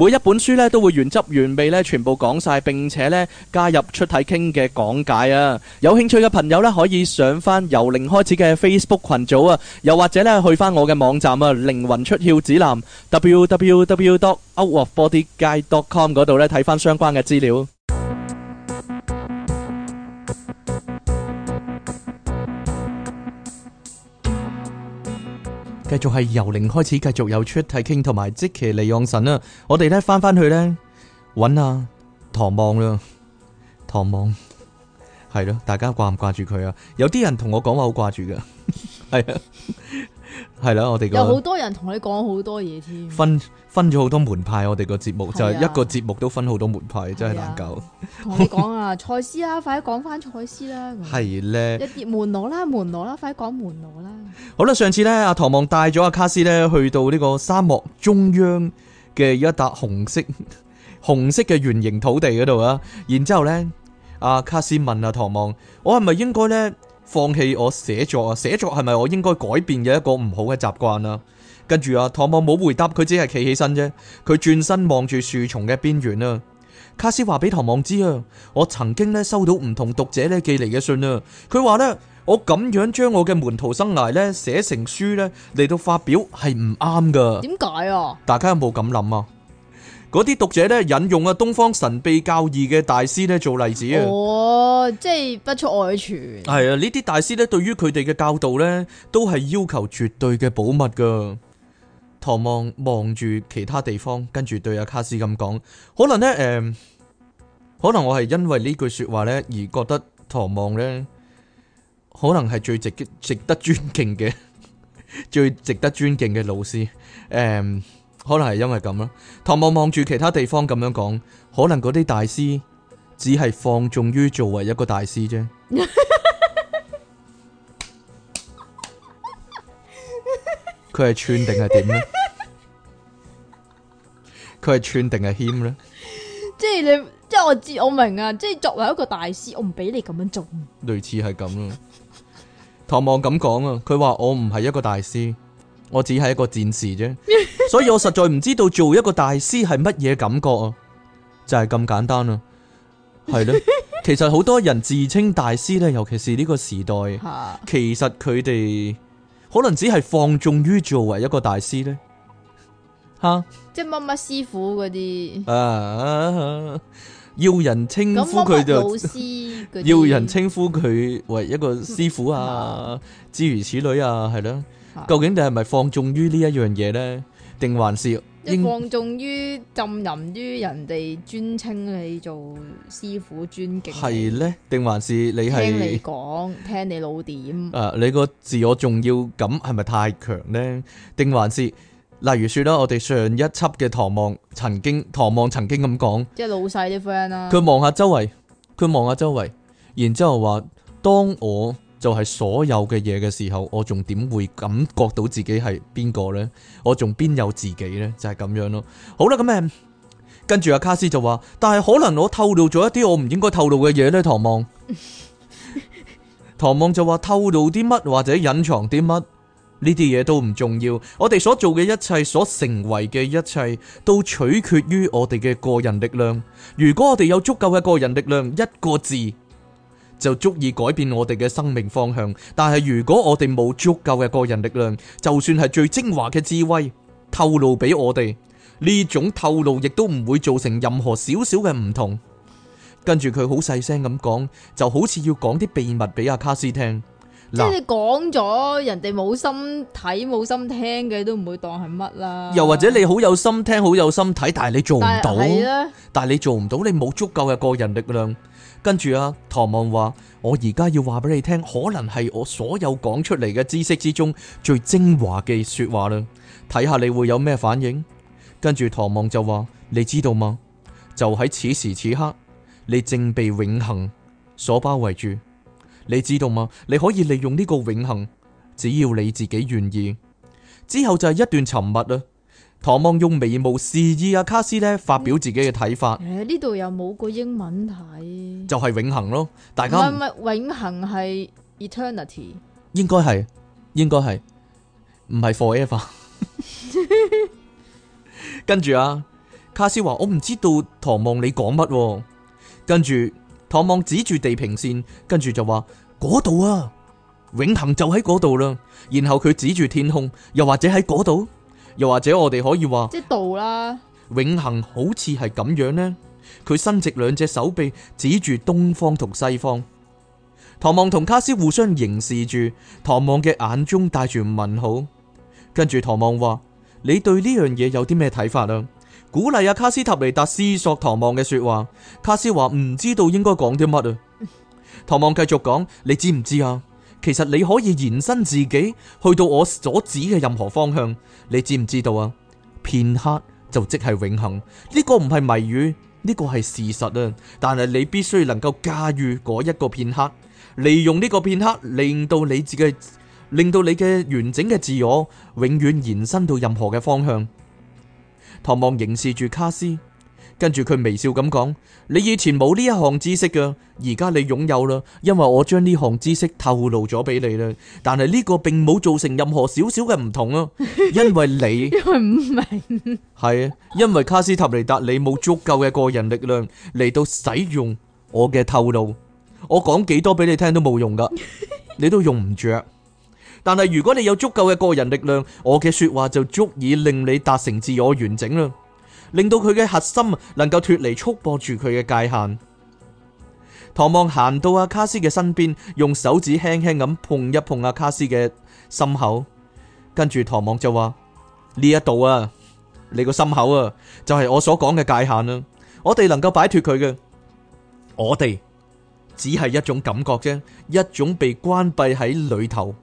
每一本書咧都會原汁原味咧，全部講晒，並且咧加入出體傾嘅講解啊！有興趣嘅朋友咧可以上翻由零開始嘅 Facebook 群組啊，又或者咧去翻我嘅網站啊靈魂出竅指南 www.outofbodyguide.com 嗰度咧睇翻相關嘅資料。繼續係由零開始，繼續有出體傾同埋即其利用神啦。我哋咧翻翻去咧，揾啊唐望啦，唐望係咯， *laughs* 大家掛唔掛住佢啊？有啲人同我講話好掛住噶，係 *laughs* 啊是的。 *laughs* 係啦，我哋有好多人同你講好多嘢添。分分咗好多門派，我哋個節目、啊、就係一個節目都分好多門派，真係難搞。同你講啊，賽斯啊，快啲講翻賽斯啦、啊。係咧的，一碟門羅啦、啊，門羅啦、啊，快啲講門羅啦、啊。好啦，上次咧，阿唐望帶咗阿卡斯咧去到呢個沙漠中央嘅一笪紅色紅色嘅圓形土地嗰度啊，然之後咧，阿卡斯問阿、啊、唐望，我係咪應該咧？放棄我寫作啊！寫作係咪我應該改變嘅一個唔好嘅習慣啊？跟住啊，唐望冇回答佢，只係企起身啫。佢轉身望住樹叢嘅邊緣啊。卡斯話俾唐望知啊，我曾經咧收到唔同讀者咧寄嚟嘅信啊。佢話呢，我咁樣將我嘅門徒生涯呢寫成書呢嚟到發表係唔啱噶。點解啊？大家有冇咁諗啊？嗰啲讀者呢引用啊東方神秘教義嘅大師呢做例子啊。即係不出外傳。係啊，呢啲大師咧，對於佢哋嘅教導咧，都係要求絕對嘅保密噶。唐望望住其他地方，跟住對阿卡斯咁講，可能咧，誒、嗯，可能我係因為呢句說話咧而覺得唐望咧，可能係最值值得尊敬嘅， *laughs* 最值得尊敬嘅老師。誒、嗯，可能係因為咁啦。唐望望住其他地方咁樣講，可能嗰啲大師。只係放縱於作為一個大師啫，佢係串定係點呢？佢係串定係謙呢？即係你，即係我知，我明啊！即係作為一個大師，我唔俾你咁樣做。類似係咁啊，唐望咁講啊！佢話我唔係一個大師，我只係一個戰士啫，所以我實在唔知道做一個大師係乜嘢感覺啊！就係咁簡單啊。係咯， *laughs* 其實好多人自稱大師咧，尤其是呢個時代， *laughs* 其實佢哋可能只係放縱於作為一個大師咧，吓，即係乜乜師傅嗰啲、啊，啊要人稱呼佢就，要人稱呼佢 *laughs* 為一個師傅啊，諸 *laughs* 如此類啊，係咯、啊， *laughs* 究竟你係咪放縱於呢一樣嘢咧，定還是？你放縱於、浸淫於人哋尊稱你做師傅、尊敬，係咧，定還是你係聽你講、聽你老點？誒、啊，你個自我重要感係咪太強呢？定還是例如說啦，我哋上一輯嘅唐望曾經，唐望曾經咁講，即係老細啲 friend 啦。佢望下周圍，佢望下周圍，然之後話當我。就係所有嘅嘢嘅時候，我仲點會感覺到自己係邊個呢？我仲邊有自己呢？就係咁樣咯。好啦，咁誒，跟住阿卡斯就話，但係可能我透露咗一啲我唔應該透露嘅嘢呢。」唐望， *laughs* 唐望就話透露啲乜或者隱藏啲乜，呢啲嘢都唔重要。我哋所做嘅一切，所成為嘅一切都取決於我哋嘅個人力量。如果我哋有足夠嘅個人力量，一個字。就足以改變我哋嘅生命方向。但係如果我哋冇足夠嘅個人力量，就算係最精華嘅智慧透露俾我哋，呢種透露亦都唔會造成任何少少嘅唔同。跟住佢好細聲咁講，就好似要講啲秘密俾阿卡斯聽。即係講咗，人哋冇心睇、冇心聽嘅都唔會當係乜啦。又或者你好有心聽，好有心睇，但係你做唔到。但係你做唔到，你冇足夠嘅個人力量。跟住啊，唐望話：我而家要話俾你聽，可能係我所有講出嚟嘅知識之中最精華嘅說話啦。睇下你會有咩反應。跟住唐望就話：你知道嗎？就喺此時此刻，你正被永恆所包圍住。你知道嗎？你可以利用呢個永恆，只要你自己願意。之後就係一段沉默啦。唐望用眉毛示意阿卡斯咧，發表自己嘅睇法。誒、欸，呢度又冇個英文睇。就係永恒咯，大家唔係唔係永恒係 eternity，應該係，應該係，唔係 forever。 *laughs* *laughs* 跟住啊，卡斯話我唔知道唐望你講乜啊。跟住唐望指住地平線，跟住就話嗰度啊，永恒就喺嗰度啦。然後佢指住天空，又或者喺嗰度。又或者我哋可以話，即道啦。永恆好似係咁樣呢？佢伸直兩隻手臂，指住東方同西方。唐望同卡斯互相凝視住，唐望嘅眼中帶住問號。跟住唐望話：你對呢樣嘢有啲咩睇法啊？鼓勵阿、啊、卡斯塔尼達思索唐望嘅說話。卡斯話唔知道應該講啲乜啊。唐望繼續講：你知唔知啊？其實你可以延伸自己去到我所指嘅任何方向，你知唔知道啊？片刻就即係永恆，呢個唔係謎語，呢個係事實啊！但係你必須能夠駕馭嗰一個片刻，利用呢個片刻，令到你自己，令到你嘅完整嘅自我永遠延伸到任何嘅方向。唐望凝視住卡斯。跟住佢微笑咁講：，你以前冇呢一項知識㗎，而家你擁有啦，因為我將呢項知識透露咗俾你啦。但係呢個並冇造成任何少少嘅唔同啊，因為你因為唔明係啊，因為卡斯塔尼達你冇足夠嘅個人力量嚟到使用我嘅透露，我講幾多俾你聽都冇用噶，你都用唔着。但係如果你有足夠嘅個人力量，我嘅說話就足以令你達成自我完整啦。令到佢嘅核心能夠脱離束縛住佢嘅界限。唐望行到阿卡斯嘅身邊，用手指輕輕咁碰一碰阿卡斯嘅心口，跟住唐望就話：呢一度啊，你個心口啊，就係、是、我所講嘅界限啦。我哋能夠擺脱佢嘅，我哋只係一種感覺啫，一種被關閉喺裏頭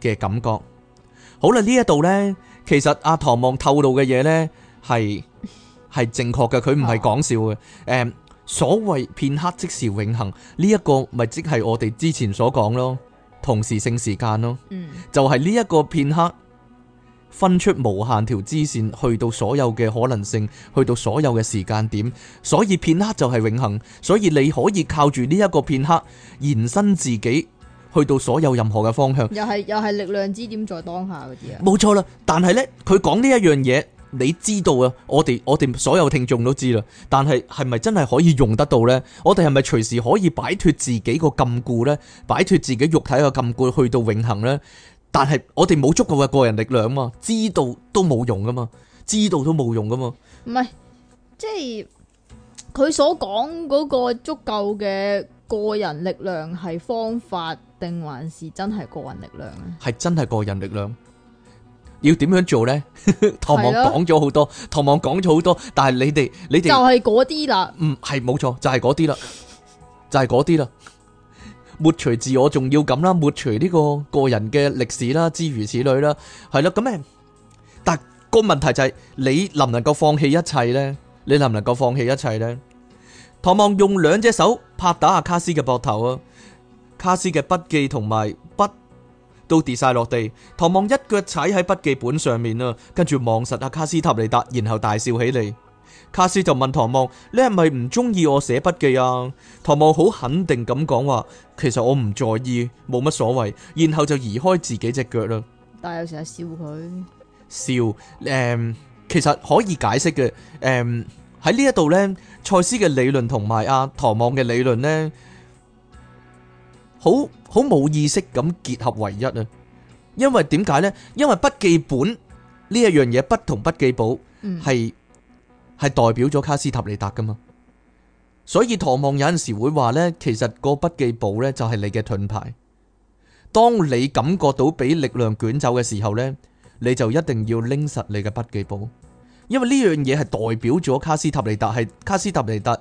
嘅感覺。好啦，呢一度呢，其實阿、啊、唐望透露嘅嘢呢，係。係正確嘅，佢唔係講笑嘅。誒、哦，um, 所謂片刻即是永，這個，是永恒，呢一個咪即係我哋之前所講咯，同時性時間咯，嗯、就係呢一個片刻分出無限條支線去到所有嘅可能性，去到所有嘅時間點，所以片刻就係永恒。所以你可以靠住呢一個片刻延伸自己，去到所有任何嘅方向。又係又係力量支點在當下嗰啲，冇錯啦，但係呢，佢講呢一樣嘢。你知道啊？我哋我哋所有聽眾都知啦。但係係咪真係可以用得到呢？我哋係咪隨時可以擺脫自己個禁錮呢？擺脫自己肉體個禁錮去到永恆呢？但係我哋冇足夠嘅個人力量嘛，知道都冇用噶嘛，知道都冇用噶嘛。唔係，即係佢所講嗰個足夠嘅個人力量係方法定還是真係個人力量啊？係真係個人力量。要點樣做咧？唐望講咗好多，唐望講咗好多，但係你哋，你哋就係嗰啲啦。嗯，係，冇錯，就係嗰啲啦，就係嗰啲啦。抹除自我重要感啦，抹除呢個個人嘅歷史啦，諸如此類啦，係啦。咁咩？但個問題就係你能唔能夠放棄一切咧？你能唔能夠放棄一切咧？唐望用兩隻手拍打下卡斯嘅膊頭啊！卡斯嘅筆記同埋筆。都跌晒落地，唐望一腳踩喺筆記本上面啊。跟住望實阿卡斯塔利達，然後大笑起嚟。卡斯就問唐望：你係咪唔中意我寫筆記啊？唐望好肯定咁講話：其實我唔在意，冇乜所謂。然後就移開自己隻腳啦。但係有時係笑佢笑，誒、嗯，其實可以解釋嘅，誒、嗯，喺呢一度呢，賽斯嘅理論同埋阿唐望嘅理論呢，好好冇意識咁結合為一啊！因為點解呢？因為筆記本呢一樣嘢不同筆記簿係係代表咗卡斯塔尼達噶嘛。所以唐望有陣時會話呢，其實個筆記簿呢就係你嘅盾牌。當你感覺到俾力量捲走嘅時候呢，你就一定要拎實你嘅筆記簿，因為呢樣嘢係代表咗卡斯塔尼達，係卡斯塔尼達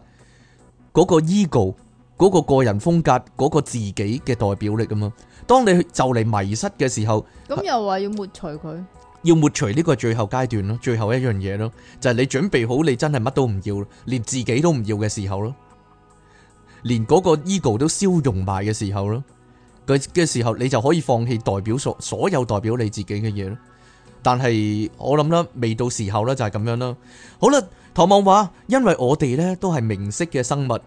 嗰個 ego。嗰個個人風格，嗰個自己嘅代表力吖嘛！當你就嚟迷失嘅時候，咁又話要抹除佢，要抹除呢個最後階段咯，最後一樣嘢咯，就係你準備好你真係乜都唔要，連自己都唔要嘅時候咯，連嗰個 ego 都消融埋嘅時候咯，佢嘅時候你就可以放棄代表所所有代表你自己嘅嘢咯。但係我諗啦，未到時候啦，就係咁樣啦。好啦，唐望話，因為我哋呢都係明識嘅生物。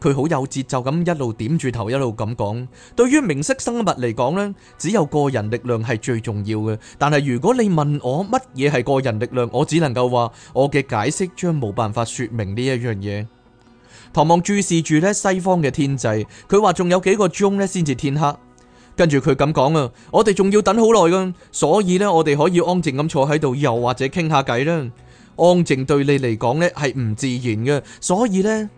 佢好有節奏咁一路點住頭一路咁講，對於明識生物嚟講咧，只有個人力量係最重要嘅。但係如果你問我乜嘢係個人力量，我只能夠話我嘅解釋將冇辦法說明呢一樣嘢。唐望注視住咧西方嘅天際，佢話仲有幾個鐘咧先至天黑。跟住佢咁講啊，我哋仲要等好耐噶，所以咧我哋可以安靜咁坐喺度又或者傾下偈啦。安靜對你嚟講咧係唔自然嘅，所以咧。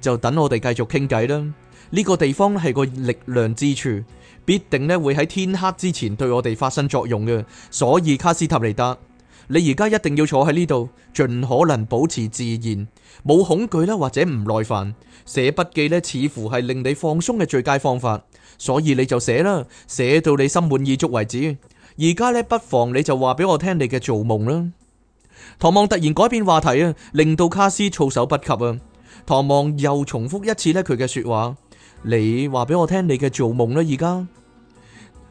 就等我哋繼續傾偈啦。呢個地方係個力量之處，必定咧會喺天黑之前對我哋發生作用嘅。所以卡斯塔尼達，你而家一定要坐喺呢度，盡可能保持自然，冇恐懼啦，或者唔耐煩。寫筆記呢，似乎係令你放鬆嘅最佳方法。所以你就寫啦，寫到你心滿意足為止。而家呢，不妨你就話俾我聽你嘅做夢啦。唐望突然改變話題啊，令到卡斯措手不及啊。唐望又重複一次呢，佢嘅說話。你話俾我聽，你嘅做夢啦。而家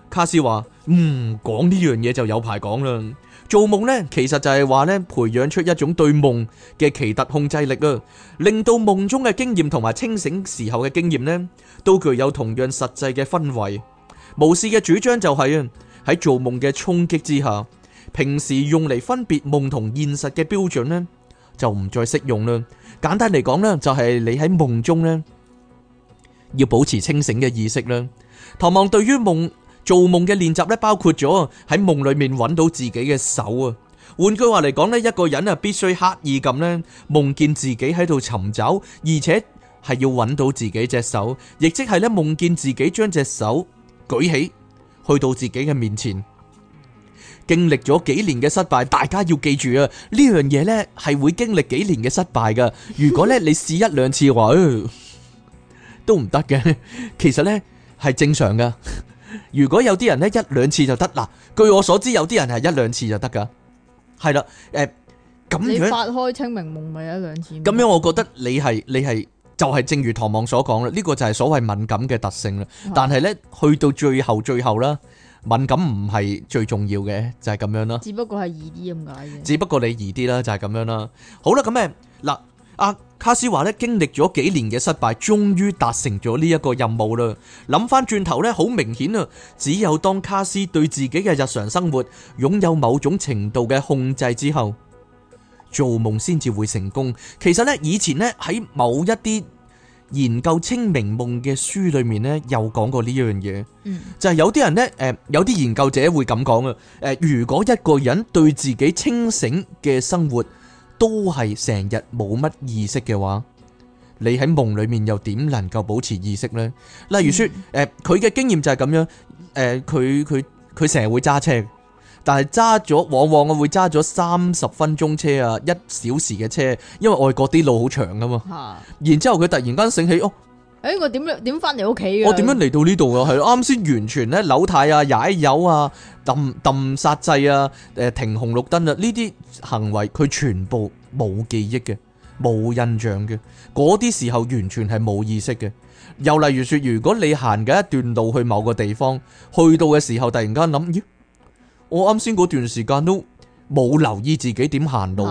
卡斯話，嗯，講呢樣嘢就有排講啦。做夢呢，其實就係話呢，培養出一種對夢嘅奇特控制力啊，令到夢中嘅經驗同埋清醒時候嘅經驗呢，都具有同樣實際嘅氛圍。無視嘅主張就係啊，喺做夢嘅衝擊之下，平時用嚟分別夢同現實嘅標準呢，就唔再適用啦。簡單嚟講呢，就係你喺夢中呢，要保持清醒嘅意識啦。唐望對於夢做夢嘅練習呢，包括咗喺夢裏面揾到自己嘅手啊。換句話嚟講呢，一個人啊必須刻意咁呢夢見自己喺度尋找，而且係要揾到自己隻手，亦即係咧夢見自己將隻手舉起去到自己嘅面前。經歷咗幾年嘅失敗，大家要記住啊！呢樣嘢咧係會經歷幾年嘅失敗噶。如果咧你試一兩次話，都唔得嘅。其實咧係正常噶。如果有啲人咧一兩次就得，啦，據我所知有啲人係一兩次就得噶。係啦，誒，咁樣你發開清明夢咪一兩次？咁樣我覺得你係你係就係正如唐望所講啦，呢個就係所謂敏感嘅特性啦。但係咧去到最後最後啦。敏感唔係最重要嘅，就係咁樣啦。只不過係易啲咁解嘅。只不過你易啲啦，就係咁樣啦。好啦，咁咩？嗱，阿卡斯話咧，經歷咗幾年嘅失敗，終於達成咗呢一個任務啦。諗翻轉頭咧，好明顯啊，只有當卡斯對自己嘅日常生活擁有某種程度嘅控制之後，做夢先至會成功。其實咧，以前咧喺某一啲。研究清明夢嘅書裏面呢，又講過呢樣嘢，就係有啲人呢，誒、呃，有啲研究者會咁講嘅，誒、呃，如果一個人對自己清醒嘅生活都係成日冇乜意識嘅話，你喺夢裏面又點能夠保持意識呢？例如說，誒、呃，佢嘅經驗就係咁樣，誒、呃，佢佢佢成日會揸車。但係揸咗，往往我會揸咗三十分鐘車啊，一小時嘅車，因為外國啲路好長噶嘛。啊、然之後佢突然間醒起哦，誒、欸，我點點翻嚟屋企我點樣嚟到呢度嘅？係啱先完全咧扭軚啊、踩油啊、抌抌剎掣啊、誒停紅綠燈啊，呢啲行為佢全部冇記憶嘅，冇印象嘅，嗰啲時候完全係冇意識嘅。又例如說，如果你行緊一段路去某個地方，去到嘅時候突然間諗咦？我啱先嗰段時間都冇留意自己點行路嘅，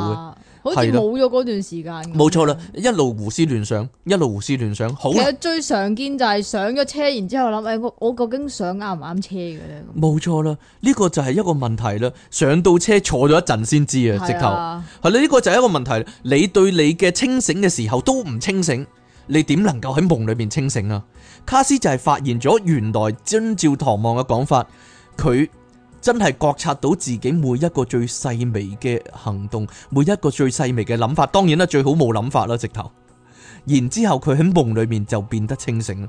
好似冇咗嗰段時間。冇錯啦，一路胡思亂想，一路胡思亂想。好，其實最常見就係上咗車然，然之後諗誒，我我究竟上啱唔啱車嘅咧？冇錯啦，呢個就係一個問題啦。上到車坐咗一陣先知啊，直頭係啦，呢個就係一個問題。你對你嘅清醒嘅時候都唔清醒，你點能夠喺夢裏面清醒啊？卡斯就係發現咗原來遵照唐望嘅講法，佢。真係覺察到自己每一個最細微嘅行動，每一個最細微嘅諗法。當然啦，最好冇諗法啦，直頭。然之後佢喺夢裏面就變得清醒啦。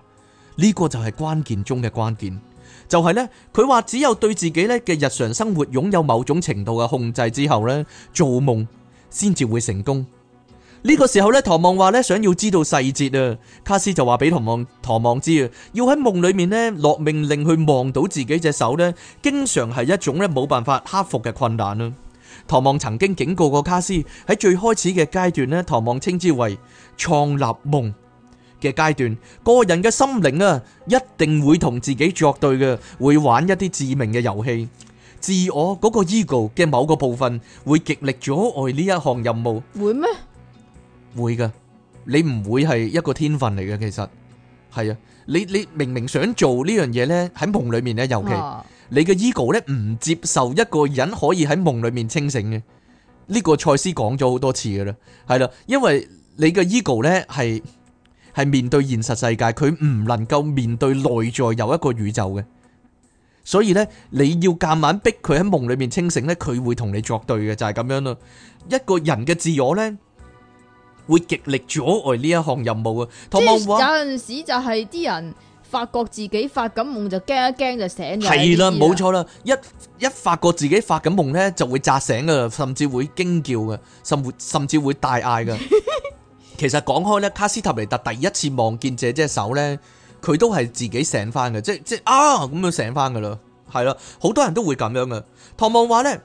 呢個就係關鍵中嘅關鍵，就係呢，佢話只有對自己呢嘅日常生活擁有某種程度嘅控制之後呢，做夢先至會成功。呢個時候咧，唐望話咧，想要知道細節啊，卡斯就話俾唐望，唐望知啊，要喺夢裡面咧落命令去望到自己隻手咧，經常係一種咧冇辦法克服嘅困難啊。唐望曾經警告過卡斯，喺最開始嘅階段咧，唐望稱之為創立夢嘅階段，個人嘅心靈啊，一定會同自己作對嘅，會玩一啲致命嘅遊戲，自我嗰個 ego 嘅某個部分會極力阻礙呢一項任務，會咩？會嘅，你唔會係一個天分嚟嘅，其實係啊，你你明明想做呢樣嘢咧，喺夢裏面咧，尤其你嘅 ego 咧唔接受一個人可以喺夢裏面清醒嘅，呢個賽斯講咗好多次噶啦，係啦，因為你嘅 ego 咧係係面對現實世界，佢唔能夠面對內在有一個宇宙嘅，所以咧你要夾硬逼佢喺夢裏面清醒咧，佢會同你作對嘅，就係咁樣咯。一個人嘅自我咧。會極力阻礙呢一項任務嘅。唐望話，有陣時就係啲人發覺自己發緊夢就驚一驚就醒咗。係啦，冇錯啦，一一發覺自己發緊夢咧，就會扎醒噶啦，甚至會驚叫嘅，甚至甚至會大嗌嘅。其實講開咧，卡斯塔尼達第一次望見姐姐手咧，佢都係自己醒翻嘅，即即啊咁樣醒翻噶啦，係啦，好多人都會咁樣嘅。唐望話咧，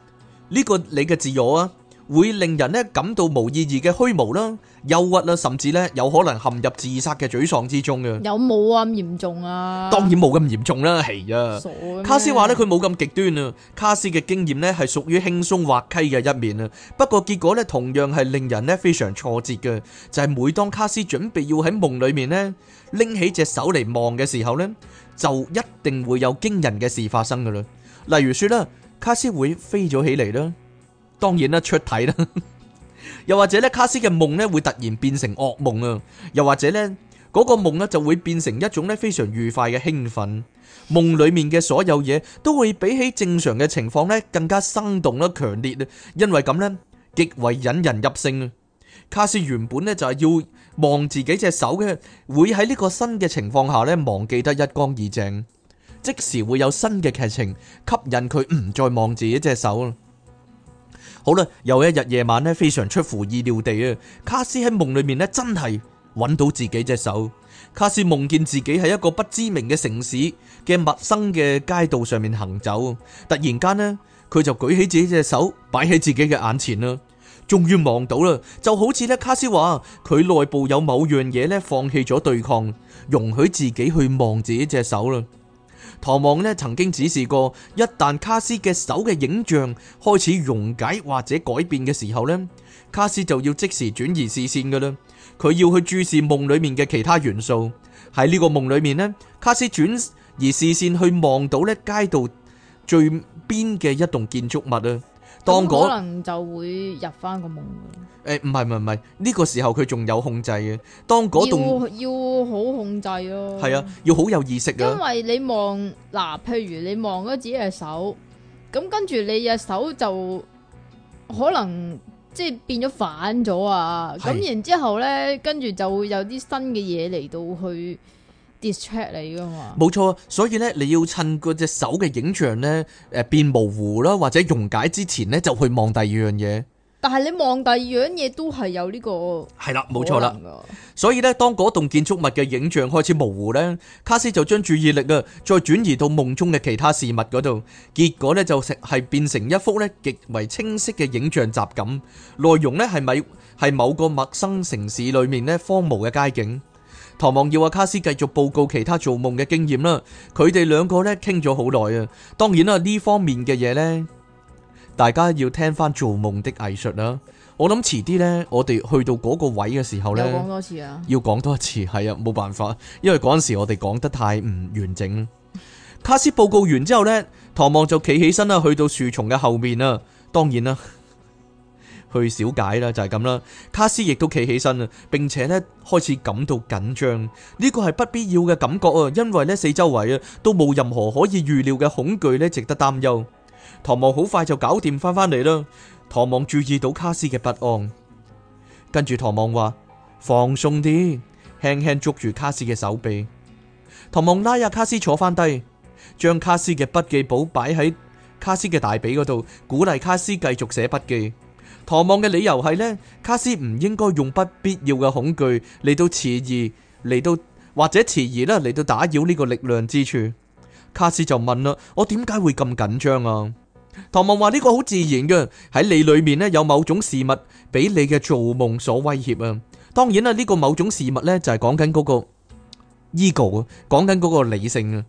呢個你嘅自由啊。會令人咧感到無意義嘅虛無啦、憂鬱啦，甚至咧有可能陷入自殺嘅沮喪之中嘅。有冇啊咁嚴重啊？當然冇咁嚴重啦、啊，係啊。卡斯話咧佢冇咁極端啊。卡斯嘅經驗咧係屬於輕鬆滑稽嘅一面啊。不過結果咧同樣係令人咧非常挫折嘅，就係、是、每當卡斯準備要喺夢裏面咧拎起隻手嚟望嘅時候咧，就一定會有驚人嘅事發生噶啦。例如說啦，卡斯會飛咗起嚟啦。當然啦，出體啦， *laughs* 又或者咧，卡斯嘅夢呢會突然變成噩夢啊！又或者呢嗰個夢呢就會變成一種咧非常愉快嘅興奮，夢裏面嘅所有嘢都會比起正常嘅情況呢更加生動啦、強烈啊！因為咁呢，極為引人入勝啊！卡斯原本呢就係要望自己隻手嘅，會喺呢個新嘅情況下呢，忘記得一乾二淨，即時會有新嘅劇情吸引佢唔再望自己隻手好啦，有一日夜晚咧，非常出乎意料地啊，卡斯喺夢裏面咧，真係揾到自己隻手。卡斯夢見自己喺一個不知名嘅城市嘅陌生嘅街道上面行走，突然間呢，佢就舉起自己隻手，擺喺自己嘅眼前啦，終於望到啦，就好似咧，卡斯話佢內部有某樣嘢咧，放棄咗對抗，容許自己去望自己隻手啦。唐望呢曾經指示過，一旦卡斯嘅手嘅影像開始溶解或者改變嘅時候呢，卡斯就要即時轉移視線嘅啦。佢要去注視夢裡面嘅其他元素。喺呢個夢裡面呢，卡斯轉移視線去望到呢街道最邊嘅一棟建築物啊。當、那個、可能就會入翻個夢咯。誒、呃，唔係唔係唔係，呢、這個時候佢仲有控制嘅。當嗰、那、棟、個、要要好控制咯、啊。係啊，要好有意識啊。因為你望嗱、呃，譬如你望咗自己隻手，咁跟住你隻手就可能即係變咗反咗啊！咁是然之後咧，跟住就會有啲新嘅嘢嚟到去。detect 你噶嘛？冇錯，所以咧，你要趁嗰隻手嘅影像咧，誒，變模糊啦，或者溶解之前咧，就去望第二樣嘢。但係你望第二樣嘢都係有呢個，係啦，冇錯啦。所以咧，當嗰棟建築物嘅影像開始模糊咧，卡斯就將注意力啊再轉移到夢中嘅其他事物嗰度，結果咧就成係變成一幅咧極為清晰嘅影像集錦，內容咧係咪係某個陌生城市裏面咧荒蕪嘅街景？唐望要阿卡斯繼續報告其他做夢嘅經驗啦，佢哋兩個咧傾咗好耐啊。當然啦，呢方面嘅嘢呢，大家要聽翻做夢的藝術啦。我諗遲啲呢，我哋去到嗰個位嘅時候呢，多次要講多次啊。要講多次，係啊，冇辦法，因為嗰陣時我哋講得太唔完整。卡斯報告完之後呢，唐望就企起身啦，去到樹叢嘅後面啦。當然啦。去小解啦，就係咁啦。卡斯亦都企起身啦，並且咧開始感到緊張。呢個係不必要嘅感覺啊，因為咧四周圍啊都冇任何可以預料嘅恐懼咧，值得擔憂。唐望好快就搞掂翻返嚟啦。唐望注意到卡斯嘅不安，跟住唐望話放鬆啲，輕輕捉住卡斯嘅手臂。唐望拉下卡斯坐翻低，將卡斯嘅筆記簿擺喺卡斯嘅大髀嗰度，鼓勵卡斯繼續寫筆記。唐望嘅理由係呢，卡斯唔應該用不必要嘅恐懼嚟到遲疑，嚟到或者遲疑啦嚟到打擾呢個力量之處。卡斯就問啦：我點解會咁緊張啊？唐望話呢個好自然嘅，喺你裏面呢，有某種事物俾你嘅做夢所威脅啊。當然啦，呢個某種事物呢，就係講緊嗰個 ego 啊，講緊嗰個理性啊。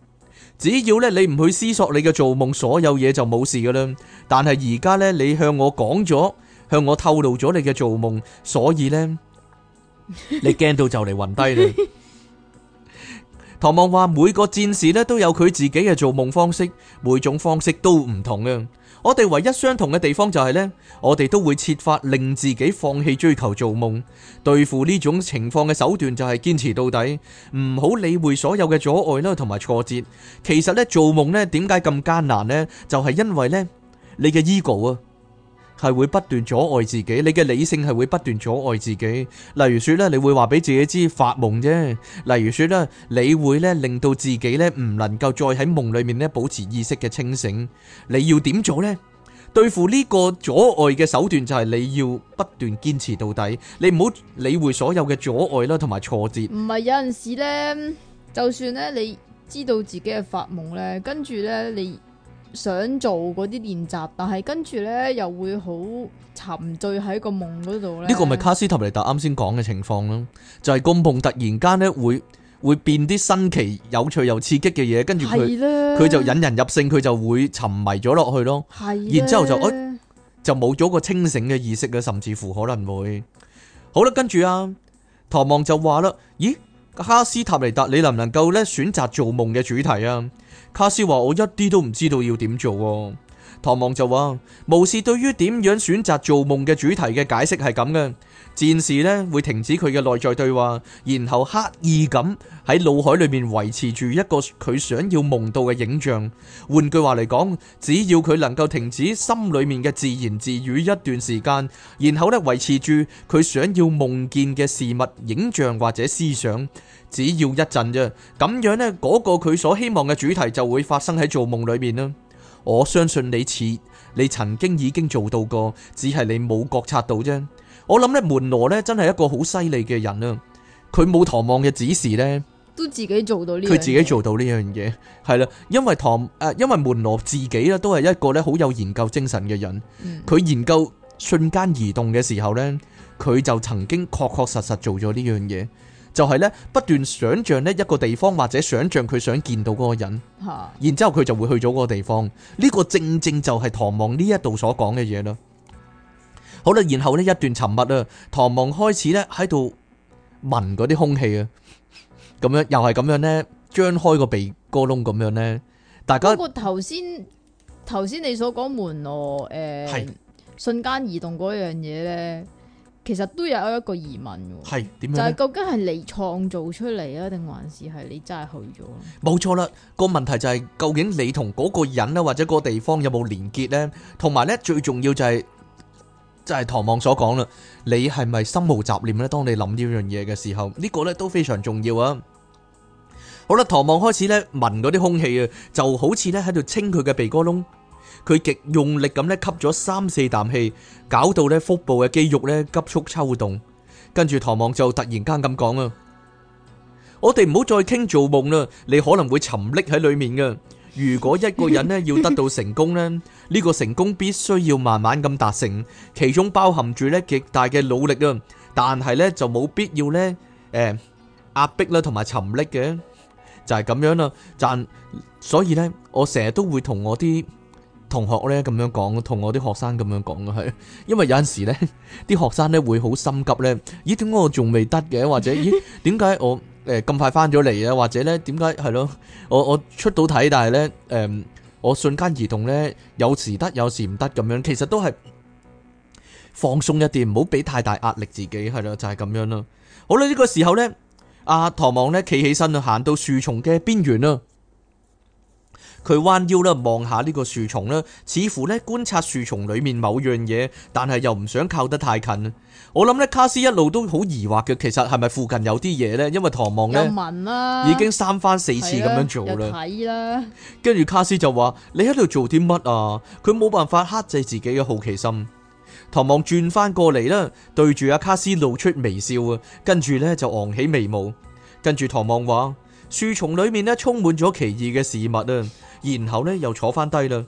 只要呢，你唔去思索你嘅做夢所有嘢就冇事噶啦。但係而家呢，你向我講咗。向我透露咗你嘅做夢，所以咧，你驚到就嚟暈低啦。唐望話每個戰士咧都有佢自己嘅做夢方式，每種方式都唔同啊。我哋唯一相同嘅地方就係咧，我哋都會設法令自己放棄追求做夢。對付呢種情況嘅手段就係堅持到底，唔好理會所有嘅阻礙啦同埋挫折。其實咧，做夢咧點解咁艱難咧，就係因為咧你嘅 ego 啊。係會不斷阻礙自己，你嘅理性係會不斷阻礙自己。例如說咧，你會話俾自己知發夢啫。例如說咧，你會咧令到自己咧唔能夠再喺夢裏面咧保持意識嘅清醒。你要點做呢？對付呢個阻礙嘅手段就係你要不斷堅持到底，你唔好理會所有嘅阻礙啦同埋挫折。唔係有陣時呢，就算呢，你知道自己係發夢呢，跟住呢你。想做嗰啲練習，但係跟住咧又會好沉醉喺個夢嗰度咧。呢個咪卡斯塔尼達啱先講嘅情況咯，就係個夢突然間咧會會變啲新奇、有趣又刺激嘅嘢，跟住佢佢就引人入勝，佢就會沉迷咗落去咯。係，然之後就誒就冇咗個清醒嘅意識嘅，甚至乎可能會。好啦，跟住啊，唐望就話啦：咦，卡斯塔尼達，你能唔能夠咧選擇做夢嘅主題啊？卡斯話：我一啲都唔知道要點做啊。唐望就話：巫師對於點樣選擇做夢嘅主題嘅解釋係咁嘅。戰士咧，會停止佢嘅內在對話，然後刻意咁喺腦海裏面維持住一個佢想要夢到嘅影像。換句話嚟講，只要佢能夠停止心裏面嘅自言自語一段時間，然後咧，維持住佢想要夢見嘅事物、影像或者思想，只要一陣啫，咁樣呢嗰個佢所希望嘅主題就會發生喺做夢裏面啦。我相信你似你曾經已經做到過，只係你冇覺察到啫。我諗咧，門羅咧真係一個好犀利嘅人啦。佢冇唐望嘅指示呢，都自己做到呢樣嘢。佢自己做到呢樣嘢，係啦，因為唐誒、呃，因為門羅自己啦，都係一個咧好有研究精神嘅人。佢、嗯、研究瞬間移動嘅時候呢，佢就曾經確確實實做咗呢樣嘢，就係、是、呢不斷想象呢一個地方或者想象佢想見到嗰個人，啊、然之後佢就會去咗嗰個地方。呢、這個正正就係唐望呢一度所講嘅嘢啦。好啦，然後咧一段沉默啦，唐望開始咧喺度聞嗰啲空氣啊，咁樣又係咁樣咧，張開個鼻哥窿咁樣咧，大家。不過頭先頭先你所講門羅誒瞬間移動嗰樣嘢咧，其實都有一個疑問嘅，係點樣？就係究竟係你創造出嚟啊，定還是係你真係去咗？冇錯啦，個問題就係究竟你同嗰個人啦，或者嗰個地方有冇連結咧？同埋咧，最重要就係。就係唐望所講啦，你係咪心無雜念咧？當你諗呢樣嘢嘅時候，呢個咧都非常重要啊！好啦，唐望開始咧聞嗰啲空氣啊，就好似咧喺度清佢嘅鼻哥窿，佢極用力咁咧吸咗三四啖氣，搞到咧腹部嘅肌肉咧急速抽動，跟住唐望就突然間咁講啊：我哋唔好再傾做夢啦，你可能會沉溺喺裡面嘅。如果一個人咧要得到成功咧，呢個成功必須要慢慢咁達成，其中包含住咧極大嘅努力啊，但係咧就冇必要咧，誒壓迫啦同埋沉溺嘅，就係咁樣啦。但所以咧，我成日都會同我啲同學咧咁樣講，同我啲學生咁樣講嘅係，因為有陣時咧，啲學生咧會好心急咧，咦點解我仲未得嘅？或者咦點解我？誒，咁、呃、快返咗嚟啊？或者呢點解係咯？我我出到睇，但係呢，誒、嗯，我瞬間移動呢，有時得，有時唔得咁樣。其實都係放鬆一啲，唔好俾太大壓力自己，係咯，就係、是、咁樣咯。好啦，呢、這個時候呢，阿、啊、唐望呢企起身啦，行到樹叢嘅邊緣啦，佢彎腰啦，望下呢個樹叢啦，似乎呢觀察樹叢裏面某樣嘢，但係又唔想靠得太近。我諗咧，卡斯一路都好疑惑嘅，其實係咪附近有啲嘢呢？因為唐望咧、啊、已經三番四次咁樣做啦。又睇啦，跟住卡斯就話：你喺度做啲乜啊？佢冇辦法克制自己嘅好奇心。唐望轉翻過嚟啦，對住阿卡斯露出微笑啊，跟住呢就昂起眉毛，跟住唐望話：樹叢裏面呢充滿咗奇異嘅事物啊！然後呢又坐翻低啦。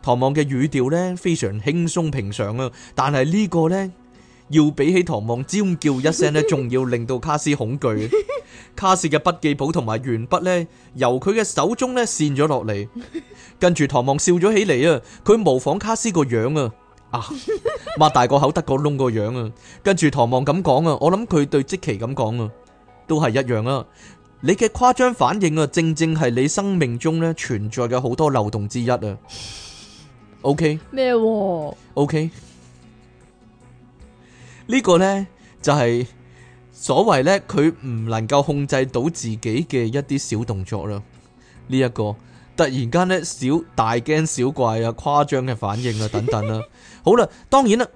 唐望嘅語調呢非常輕鬆平常啊，但係呢個呢……要比起唐望尖叫一聲咧，仲要令到卡斯恐懼。卡斯嘅筆記簿同埋鉛筆咧，由佢嘅手中咧，扇咗落嚟。跟住唐望笑咗起嚟啊！佢模仿卡斯個樣啊，啊，擘大個口得個窿個樣啊！跟住唐望咁講啊，我諗佢對積奇咁講啊，都係一樣啊！你嘅誇張反應啊，正正係你生命中咧存在嘅好多漏洞之一啊。OK 咩？OK。呢個呢，就係、是、所謂呢，佢唔能夠控制到自己嘅一啲小動作啦，呢、這、一個突然間呢，小大驚小怪啊誇張嘅反應啦、啊、等等啦、啊， *laughs* 好啦，當然啦，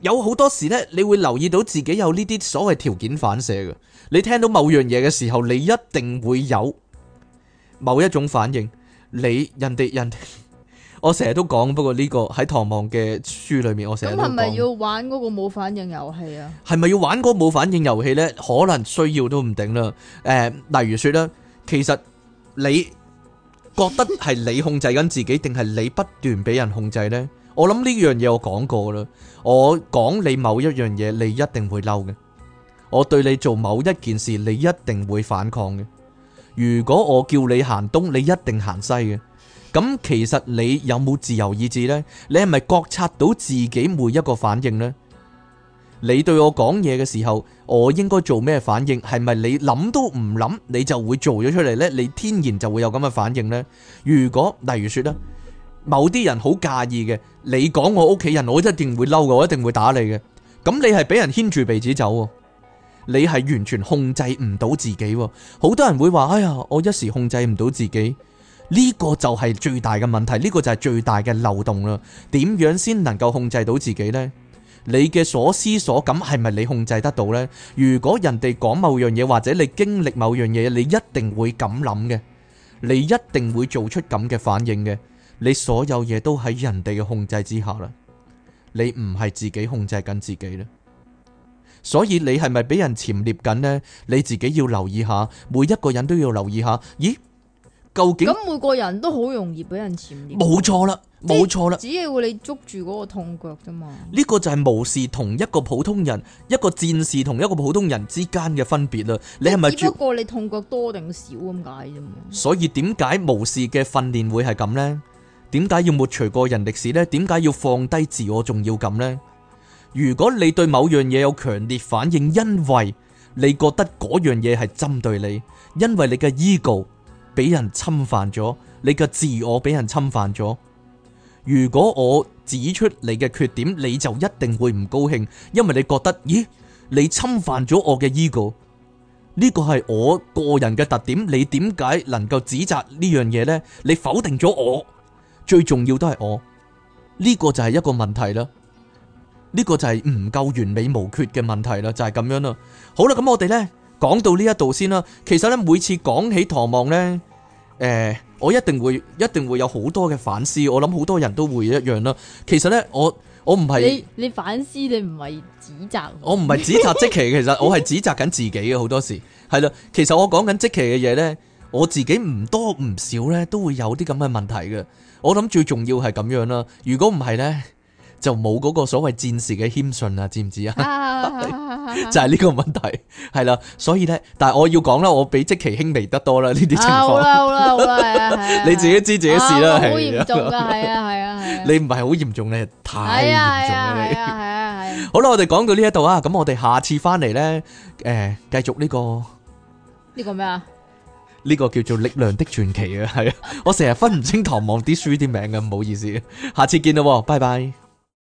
有好多時呢，你會留意到自己有呢啲所謂條件反射嘅，你聽到某樣嘢嘅時候，你一定會有某一種反應，你人哋人哋。我成日都講，不過呢個喺《唐望》嘅書裏面，我成日都講。咁係咪要玩嗰個冇反應遊戲啊？係咪要玩嗰個冇反應遊戲呢？可能需要都唔定啦。誒，例如說咧，其實你覺得係你控制緊自己，定係你不斷俾人控制呢？我諗呢樣嘢我講過啦。我講你某一樣嘢，你一定會嬲嘅；我對你做某一件事，你一定會反抗嘅。如果我叫你行東，你一定行西嘅。咁其實你有冇自由意志呢？你係咪覺察到自己每一個反應呢？你對我講嘢嘅時候，我應該做咩反應？係咪你諗都唔諗，你就會做咗出嚟呢？你天然就會有咁嘅反應呢？如果例如說啦，某啲人好介意嘅，你講我屋企人，我一定會嬲㗎，我一定會打你嘅。咁你係俾人牽住鼻子走，你係完全控制唔到自己。好多人會話：哎呀，我一時控制唔到自己。呢個就係最大嘅問題，呢個就係最大嘅漏洞啦。點樣先能夠控制到自己呢？你嘅所思所感係咪你控制得到呢？如果人哋講某樣嘢，或者你經歷某樣嘢，你一定會咁諗嘅，你一定會做出咁嘅反應嘅。你所有嘢都喺人哋嘅控制之下啦，你唔係自己控制緊自己啦。所以你係咪俾人潛獵緊呢？你自己要留意下，每一個人都要留意下。咦？究竟，咁每個人都好容易俾人潛入，冇錯啦，冇錯啦，只要你捉住嗰個痛腳啫嘛。呢個就係無視同一個普通人，一個戰士同一個普通人之間嘅分別啦。你係咪只不過你痛腳多定少咁解啫？所以點解無視嘅訓練會係咁咧？點解要抹除個人歷史咧？點解要放低自我重要感咧？如果你對某樣嘢有強烈反應，因為你覺得嗰樣嘢係針對你，因為你嘅 ego。俾人侵犯咗，你嘅自我俾人侵犯咗。如果我指出你嘅缺點，你就一定會唔高興，因為你覺得，咦，你侵犯咗我嘅 ego。呢、這個係我個人嘅特點，你點解能夠指責呢樣嘢咧？你否定咗我，最重要都係我。呢、這個就係一個問題啦，呢、這個就係唔夠完美無缺嘅問題啦，就係、是、咁樣啦。好啦，咁我哋咧。講到呢一度先啦，其實咧每次講起唐望呢，誒、呃，我一定會一定會有好多嘅反思，我諗好多人都會一樣啦。其實呢，我我唔係你你反思，你唔係指責 *laughs* 我唔係指責積奇，其實我係指責緊自己嘅好多時係啦。其實我講緊積奇嘅嘢呢，我自己唔多唔少呢都會有啲咁嘅問題嘅。我諗最重要係咁樣啦，如果唔係呢。就冇嗰個所謂戰士嘅謙遜啊，知唔知啊？就係呢個問題，係啦，所以咧，但係我要講啦，我比即其輕微得多啦，呢啲情況。好啦好啦，你自己知自己事啦，係啊。好嚴重啊，係啊係啊，你唔係好嚴重咧，太嚴重啦。你啊係啊係啊。好啦，我哋講到呢一度啊，咁我哋下次翻嚟咧，誒，繼續呢個呢個咩啊？呢個叫做力量的傳奇啊，係啊。我成日分唔清唐望啲書啲名嘅，唔好意思。下次見啦，拜拜。